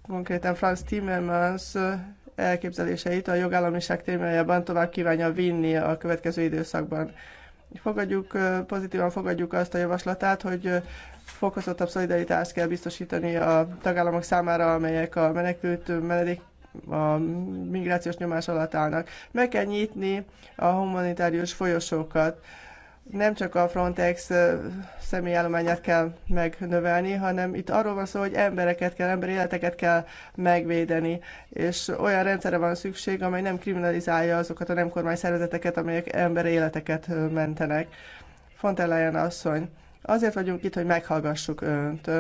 konkrétan Franz Timmermans elképzeléseit a jogállamiság témájában tovább kívánja vinni a következő időszakban. Fogadjuk, pozitívan fogadjuk azt a javaslatát, hogy fokozottabb szolidaritást kell biztosítani a tagállamok számára, amelyek a menekült menedék a migrációs nyomás alatt állnak. Meg kell nyitni a humanitárius folyosókat nem csak a Frontex személyállományát kell megnövelni, hanem itt arról van szó, hogy embereket kell, emberi életeket kell megvédeni, és olyan rendszerre van szükség, amely nem kriminalizálja azokat a nem kormány szervezeteket, amelyek emberi életeket mentenek. Fontellejen asszony, Azért vagyunk itt, hogy meghallgassuk Önt.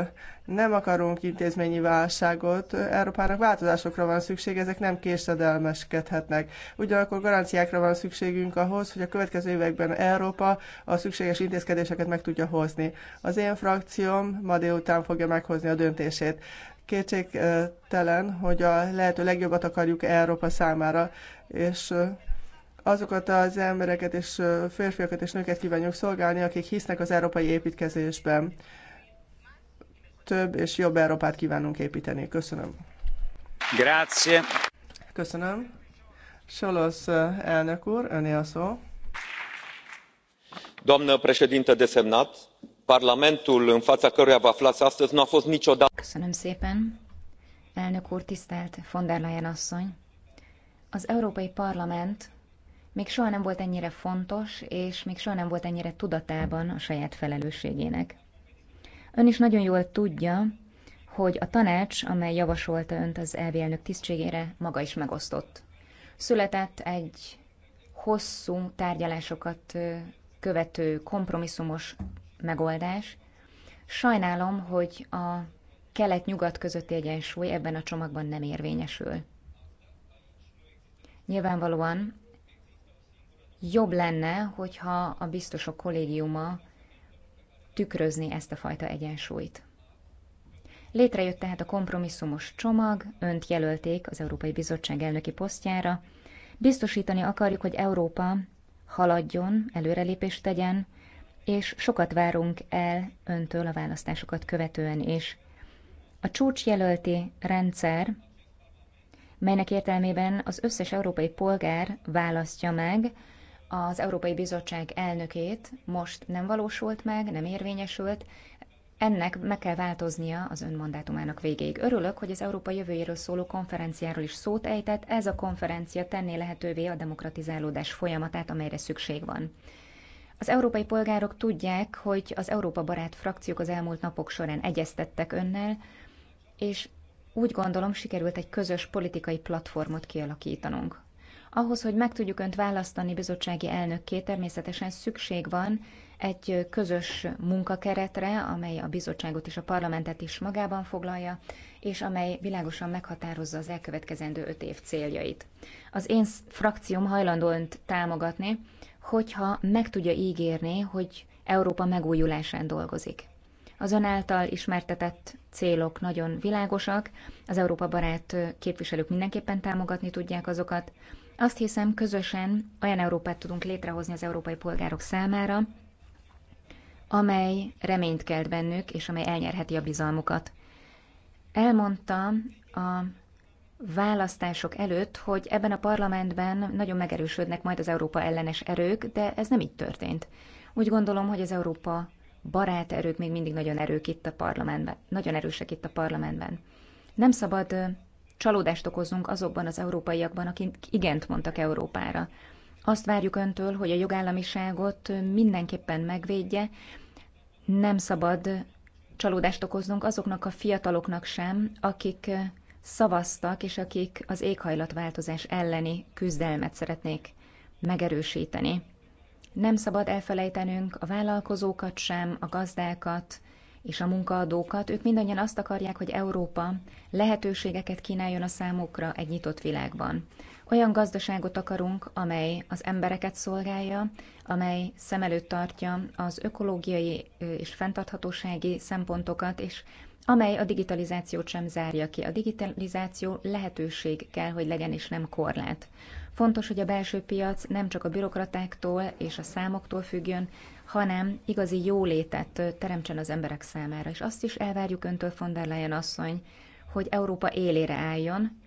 Nem akarunk intézményi válságot, Európának változásokra van szükség, ezek nem késedelmeskedhetnek. Ugyanakkor garanciákra van szükségünk ahhoz, hogy a következő években Európa a szükséges intézkedéseket meg tudja hozni. Az én frakcióm ma délután fogja meghozni a döntését kétségtelen, hogy a lehető legjobbat akarjuk Európa számára, és azokat az embereket és férfiakat és nőket kívánjuk szolgálni, akik hisznek az európai építkezésben. Több és jobb Európát kívánunk építeni. Köszönöm. Grazie. Köszönöm. Solos elnök úr, öné a szó. Doamnă președintă desemnat, Parlamentul în fața căruia vă aflați astăzi nu a fost niciodată... Köszönöm szépen. Elnök úr, tisztelt von der Leyen asszony. Az Európai Parlament még soha nem volt ennyire fontos, és még soha nem volt ennyire tudatában a saját felelősségének. Ön is nagyon jól tudja, hogy a tanács, amely javasolta önt az elvélnök tisztségére, maga is megosztott. Született egy hosszú tárgyalásokat követő kompromisszumos megoldás. Sajnálom, hogy a kelet-nyugat közötti egyensúly ebben a csomagban nem érvényesül. Nyilvánvalóan jobb lenne, hogyha a biztosok kollégiuma tükrözni ezt a fajta egyensúlyt. Létrejött tehát a kompromisszumos csomag, önt jelölték az Európai Bizottság elnöki posztjára. Biztosítani akarjuk, hogy Európa haladjon, előrelépést tegyen, és sokat várunk el öntől a választásokat követően is. A csúcsjelölti rendszer, melynek értelmében az összes európai polgár választja meg, az Európai Bizottság elnökét most nem valósult meg, nem érvényesült, ennek meg kell változnia az önmandátumának végéig. Örülök, hogy az Európa jövőjéről szóló konferenciáról is szót ejtett, ez a konferencia tenné lehetővé a demokratizálódás folyamatát, amelyre szükség van. Az európai polgárok tudják, hogy az Európa barát frakciók az elmúlt napok során egyeztettek önnel, és úgy gondolom sikerült egy közös politikai platformot kialakítanunk. Ahhoz, hogy meg tudjuk önt választani bizottsági elnökké, természetesen szükség van egy közös munkakeretre, amely a bizottságot és a parlamentet is magában foglalja, és amely világosan meghatározza az elkövetkezendő öt év céljait. Az én frakcióm hajlandó önt támogatni, hogyha meg tudja ígérni, hogy Európa megújulásán dolgozik. Az ön által ismertetett célok nagyon világosak, az Európa barát képviselők mindenképpen támogatni tudják azokat, azt hiszem, közösen olyan Európát tudunk létrehozni az európai polgárok számára, amely reményt kelt bennük, és amely elnyerheti a bizalmukat. Elmondta a választások előtt, hogy ebben a parlamentben nagyon megerősödnek majd az Európa ellenes erők, de ez nem így történt. Úgy gondolom, hogy az Európa barát erők még mindig nagyon erők itt a parlamentben, nagyon erősek itt a parlamentben. Nem szabad csalódást okozunk azokban az európaiakban, akik igent mondtak Európára. Azt várjuk öntől, hogy a jogállamiságot mindenképpen megvédje, nem szabad csalódást okoznunk azoknak a fiataloknak sem, akik szavaztak, és akik az éghajlatváltozás elleni küzdelmet szeretnék megerősíteni. Nem szabad elfelejtenünk a vállalkozókat sem, a gazdákat, és a munkaadókat, ők mindannyian azt akarják, hogy Európa lehetőségeket kínáljon a számukra egy nyitott világban. Olyan gazdaságot akarunk, amely az embereket szolgálja, amely szem előtt tartja az ökológiai és fenntarthatósági szempontokat, és amely a digitalizációt sem zárja ki. A digitalizáció lehetőség kell, hogy legyen, és nem korlát. Fontos, hogy a belső piac nem csak a bürokratáktól és a számoktól függjön, hanem igazi jólétet teremtsen az emberek számára. És azt is elvárjuk öntől, von der Leyen asszony, hogy Európa élére álljon,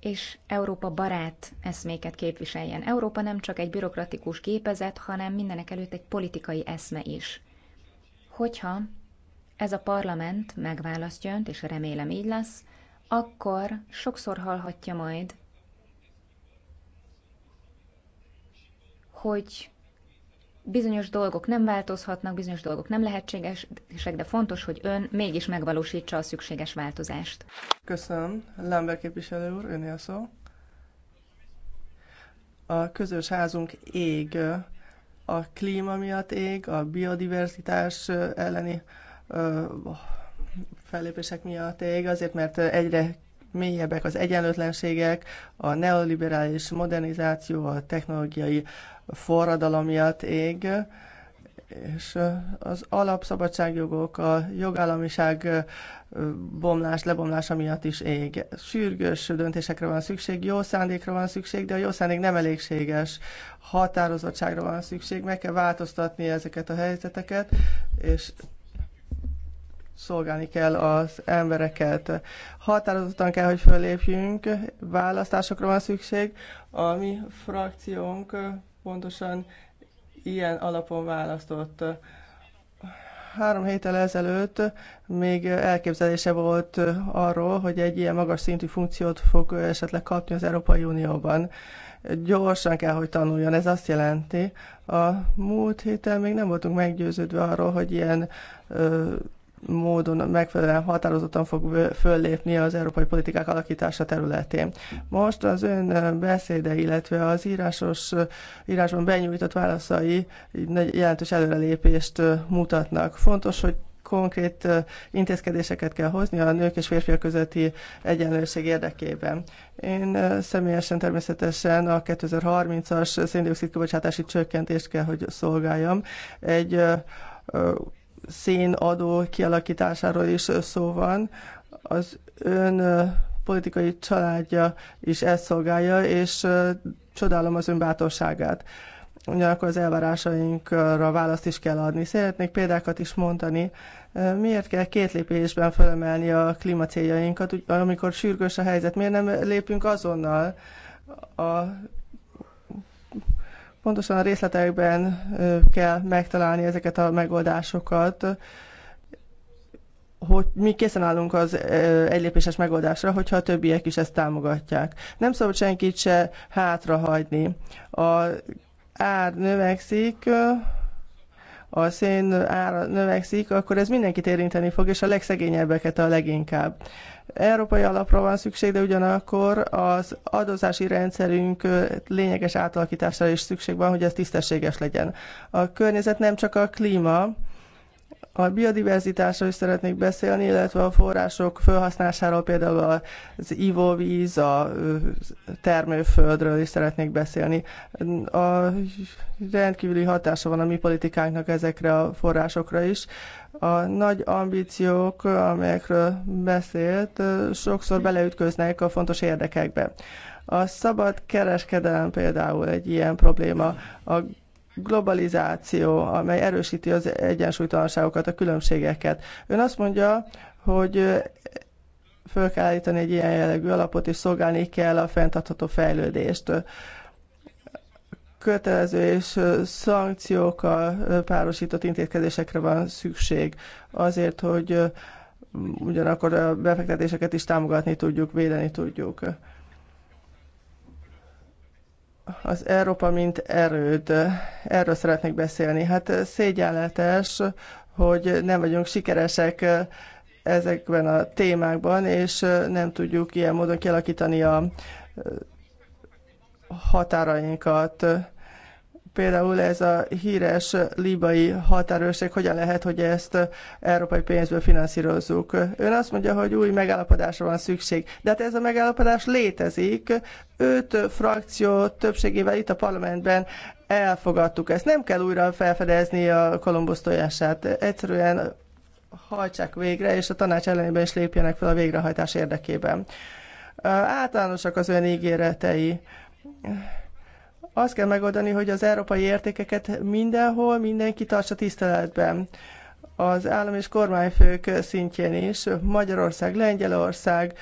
és Európa barát eszméket képviseljen. Európa nem csak egy bürokratikus gépezet, hanem mindenek előtt egy politikai eszme is. Hogyha ez a parlament megválasztja önt, és remélem így lesz, akkor sokszor hallhatja majd, hogy Bizonyos dolgok nem változhatnak, bizonyos dolgok nem lehetségesek, de fontos, hogy ön mégis megvalósítsa a szükséges változást. Köszönöm. Lambert képviselő úr, önél szó. A közös házunk ég. A klíma miatt ég, a biodiverzitás elleni fellépések miatt ég, azért mert egyre mélyebbek az egyenlőtlenségek, a neoliberális modernizáció, a technológiai forradalom miatt ég, és az alapszabadságjogok, a jogállamiság bomlás, lebomlása miatt is ég. Sürgős döntésekre van szükség, jó szándékra van szükség, de a jó szándék nem elégséges. Határozottságra van szükség, meg kell változtatni ezeket a helyzeteket, és szolgálni kell az embereket. Határozottan kell, hogy fölépjünk, választásokra van szükség. A mi frakciónk pontosan ilyen alapon választott. Három héttel ezelőtt még elképzelése volt arról, hogy egy ilyen magas szintű funkciót fog esetleg kapni az Európai Unióban. Gyorsan kell, hogy tanuljon, ez azt jelenti. A múlt héten még nem voltunk meggyőződve arról, hogy ilyen módon megfelelően határozottan fog föllépni az európai politikák alakítása területén. Most az ön beszéde, illetve az írásos, írásban benyújtott válaszai jelentős előrelépést mutatnak. Fontos, hogy konkrét intézkedéseket kell hozni a nők és férfiak közötti egyenlőség érdekében. Én személyesen természetesen a 2030-as széndiokszid kibocsátási csökkentést kell, hogy szolgáljam. Egy színadó kialakításáról is szó van. Az ön politikai családja is ezt szolgálja, és csodálom az ön bátorságát. Ugyanakkor az elvárásainkra választ is kell adni. Szeretnék példákat is mondani. Miért kell két lépésben fölemelni a klímacéljainkat, amikor sürgős a helyzet? Miért nem lépünk azonnal? A Pontosan a részletekben kell megtalálni ezeket a megoldásokat, hogy mi készen állunk az egylépéses megoldásra, hogyha a többiek is ezt támogatják. Nem szabad senkit se hátrahagyni. A ár növekszik, a szén ára növekszik, akkor ez mindenkit érinteni fog, és a legszegényebbeket a leginkább. Európai alapra van szükség, de ugyanakkor az adózási rendszerünk lényeges átalakításra is szükség van, hogy ez tisztességes legyen. A környezet nem csak a klíma, a biodiverzitásról is szeretnék beszélni, illetve a források felhasználásáról, például az ivóvíz, a termőföldről is szeretnék beszélni. A rendkívüli hatása van a mi politikánknak ezekre a forrásokra is. A nagy ambíciók, amelyekről beszélt, sokszor beleütköznek a fontos érdekekbe. A szabad kereskedelem például egy ilyen probléma. A globalizáció, amely erősíti az egyensúlytalanságokat, a különbségeket. Ön azt mondja, hogy föl kell állítani egy ilyen jellegű alapot, és szolgálni kell a fenntartható fejlődést. Kötelező és szankciókkal párosított intézkedésekre van szükség azért, hogy ugyanakkor a befektetéseket is támogatni tudjuk, védeni tudjuk az Európa mint erőd. Erről szeretnék beszélni. Hát szégyenletes, hogy nem vagyunk sikeresek ezekben a témákban, és nem tudjuk ilyen módon kialakítani a határainkat. Például ez a híres libai határőrség, hogyan lehet, hogy ezt európai pénzből finanszírozzuk. Ön azt mondja, hogy új megállapodásra van szükség. De hát ez a megállapodás létezik. Öt frakció többségével itt a parlamentben elfogadtuk ezt. Nem kell újra felfedezni a Kolumbusz tojását. Egyszerűen hajtsák végre, és a tanács ellenében is lépjenek fel a végrehajtás érdekében. Általánosak az ön ígéretei. Azt kell megoldani, hogy az európai értékeket mindenhol mindenki tartsa tiszteletben. Az állam és kormányfők szintjén is Magyarország, Lengyelország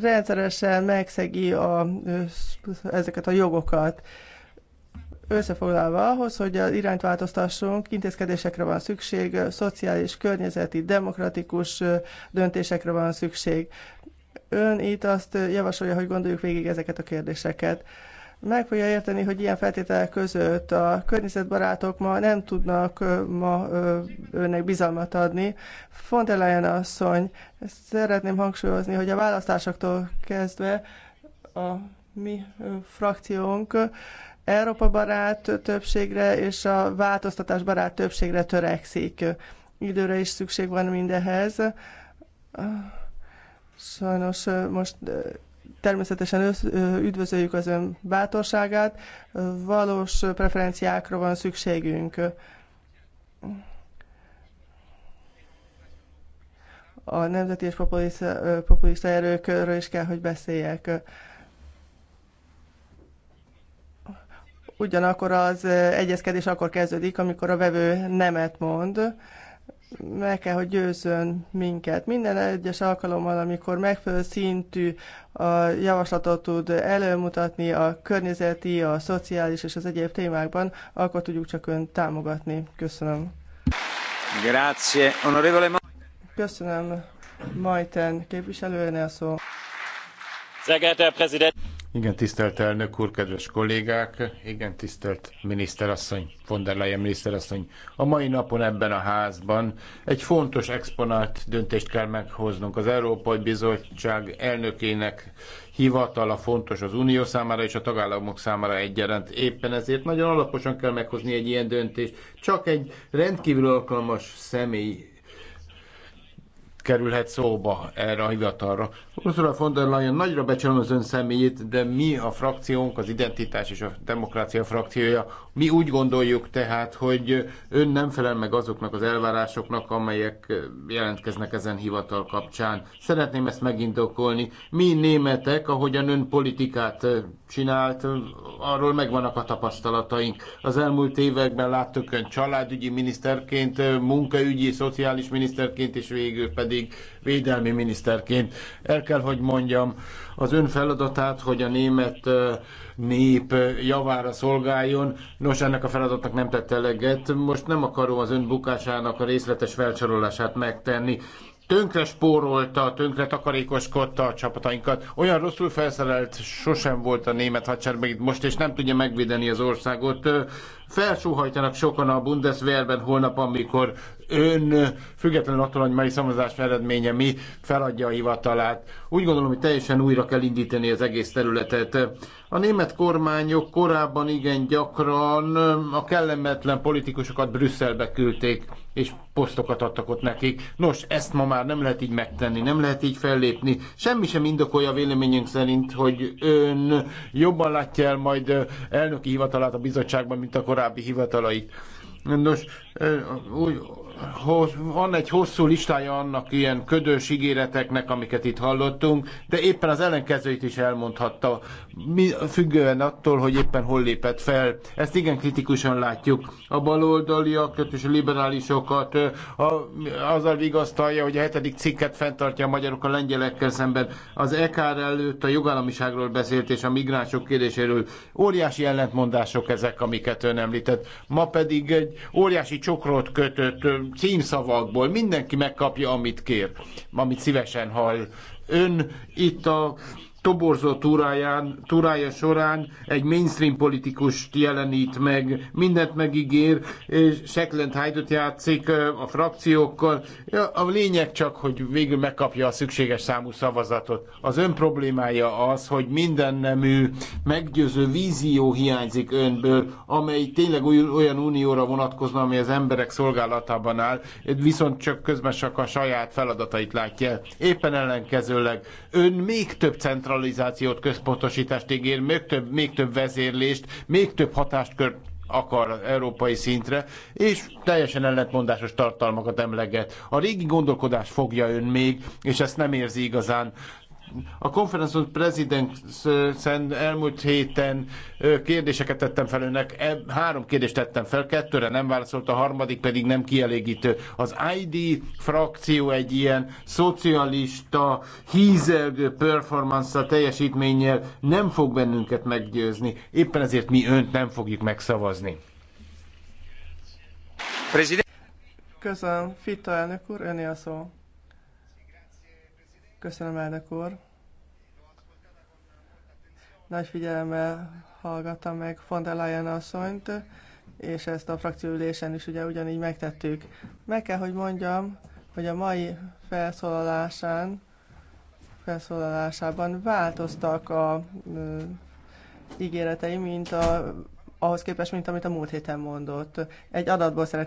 rendszeresen megszegi a, ezeket a jogokat. Összefoglalva ahhoz, hogy az irányt változtassunk, intézkedésekre van szükség, szociális, környezeti, demokratikus döntésekre van szükség. Ön itt azt javasolja, hogy gondoljuk végig ezeket a kérdéseket meg fogja érteni, hogy ilyen feltételek között a környezetbarátok ma nem tudnak ma önnek bizalmat adni. Von der asszony, szeretném hangsúlyozni, hogy a választásoktól kezdve a mi frakciónk Európa barát többségre és a változtatás barát többségre törekszik. Időre is szükség van mindehez. Sajnos most Természetesen üdvözöljük az ön bátorságát, valós preferenciákra van szükségünk. A nemzeti és populista, populista erőkről is kell, hogy beszéljek. Ugyanakkor az egyezkedés akkor kezdődik, amikor a vevő nemet mond, meg kell, hogy győzön minket. Minden egyes alkalommal, amikor megfelelő szintű a javaslatot tud előmutatni a környezeti, a szociális és az egyéb témákban, akkor tudjuk csak ön támogatni. Köszönöm. Grazie. Onorevole Ma- Köszönöm. Majten a szó. Sehr geehrter Herr Präsident! Igen, tisztelt elnök úr, kedves kollégák, igen, tisztelt miniszterasszony, von der Leyen miniszterasszony. A mai napon ebben a házban egy fontos exponált döntést kell meghoznunk. Az Európai Bizottság elnökének hivatala fontos az unió számára és a tagállamok számára egyaránt. Éppen ezért nagyon alaposan kell meghozni egy ilyen döntést. Csak egy rendkívül alkalmas személy kerülhet szóba erre a hivatalra. Ursula von der Leyen, nagyra becsülöm az ön személyét, de mi a frakciónk, az identitás és a demokrácia frakciója, mi úgy gondoljuk tehát, hogy ön nem felel meg azoknak az elvárásoknak, amelyek jelentkeznek ezen hivatal kapcsán. Szeretném ezt megindokolni. Mi németek, ahogyan ön politikát csinált, arról megvannak a tapasztalataink. Az elmúlt években láttuk ön családügyi miniszterként, munkaügyi, szociális miniszterként, és végül pedig pedig védelmi miniszterként. El kell, hogy mondjam, az ön feladatát, hogy a német nép javára szolgáljon. Nos, ennek a feladatnak nem tett eleget. Most nem akarom az ön bukásának a részletes felsorolását megtenni tönkre spórolta, tönkre takarékoskodta a csapatainkat. Olyan rosszul felszerelt sosem volt a német hadsereg még most, és nem tudja megvédeni az országot. Felsóhajtanak sokan a Bundeswehrben holnap, amikor ön, függetlenül attól, hogy mai szavazás eredménye mi, feladja a hivatalát. Úgy gondolom, hogy teljesen újra kell indítani az egész területet. A német kormányok korábban igen gyakran a kellemetlen politikusokat Brüsszelbe küldték és posztokat adtak ott nekik. Nos, ezt ma már nem lehet így megtenni, nem lehet így fellépni. Semmi sem indokolja véleményünk szerint, hogy ön jobban látja el majd eh, elnöki hivatalát a bizottságban, mint a korábbi hivatalait. Nos, eh, úgy, van egy hosszú listája annak ilyen ködös ígéreteknek, amiket itt hallottunk, de éppen az ellenkezőit is elmondhatta, mi, függően attól, hogy éppen hol lépett fel. Ezt igen kritikusan látjuk. A baloldaliakat és a liberálisokat a, azzal vigasztalja, hogy a hetedik cikket fenntartja a magyarok a lengyelekkel szemben. Az EKR előtt a jogállamiságról beszélt és a migránsok kérdéséről. Óriási ellentmondások ezek, amiket ön említett. Ma pedig egy óriási csokrot kötött címszavakból. Mindenki megkapja, amit kér, amit szívesen hall. Ön itt a toborzó túráján, túrája során egy mainstream politikust jelenít meg, mindent megígér, és Shackland hyde játszik a frakciókkal. A lényeg csak, hogy végül megkapja a szükséges számú szavazatot. Az ön problémája az, hogy minden nemű meggyőző vízió hiányzik önből, amely tényleg olyan unióra vonatkozna, ami az emberek szolgálatában áll, viszont csak közben csak a saját feladatait látja. Éppen ellenkezőleg ön még több centra centralizációt, központosítást ígér, még több, még több vezérlést, még több hatást kör akar európai szintre, és teljesen ellentmondásos tartalmakat emleget. A régi gondolkodás fogja ön még, és ezt nem érzi igazán a Conference of Presidents-en elmúlt héten kérdéseket tettem fel önnek, e, három kérdést tettem fel, kettőre nem válaszolt, a harmadik pedig nem kielégítő. Az ID frakció egy ilyen szocialista, hízelgő performance teljesítménnyel nem fog bennünket meggyőzni. Éppen ezért mi önt nem fogjuk megszavazni. Köszönöm, Fita elnök úr, öné a szó. Köszönöm, elnök úr. Nagy figyelemmel hallgattam meg von der Leyen asszonyt, és ezt a frakcióülésen is ugye ugyanígy megtettük. Meg kell, hogy mondjam, hogy a mai felszólalásán, felszólalásában változtak a ö, ígéretei, mint a, ahhoz képest, mint amit a múlt héten mondott. Egy adatból szeretném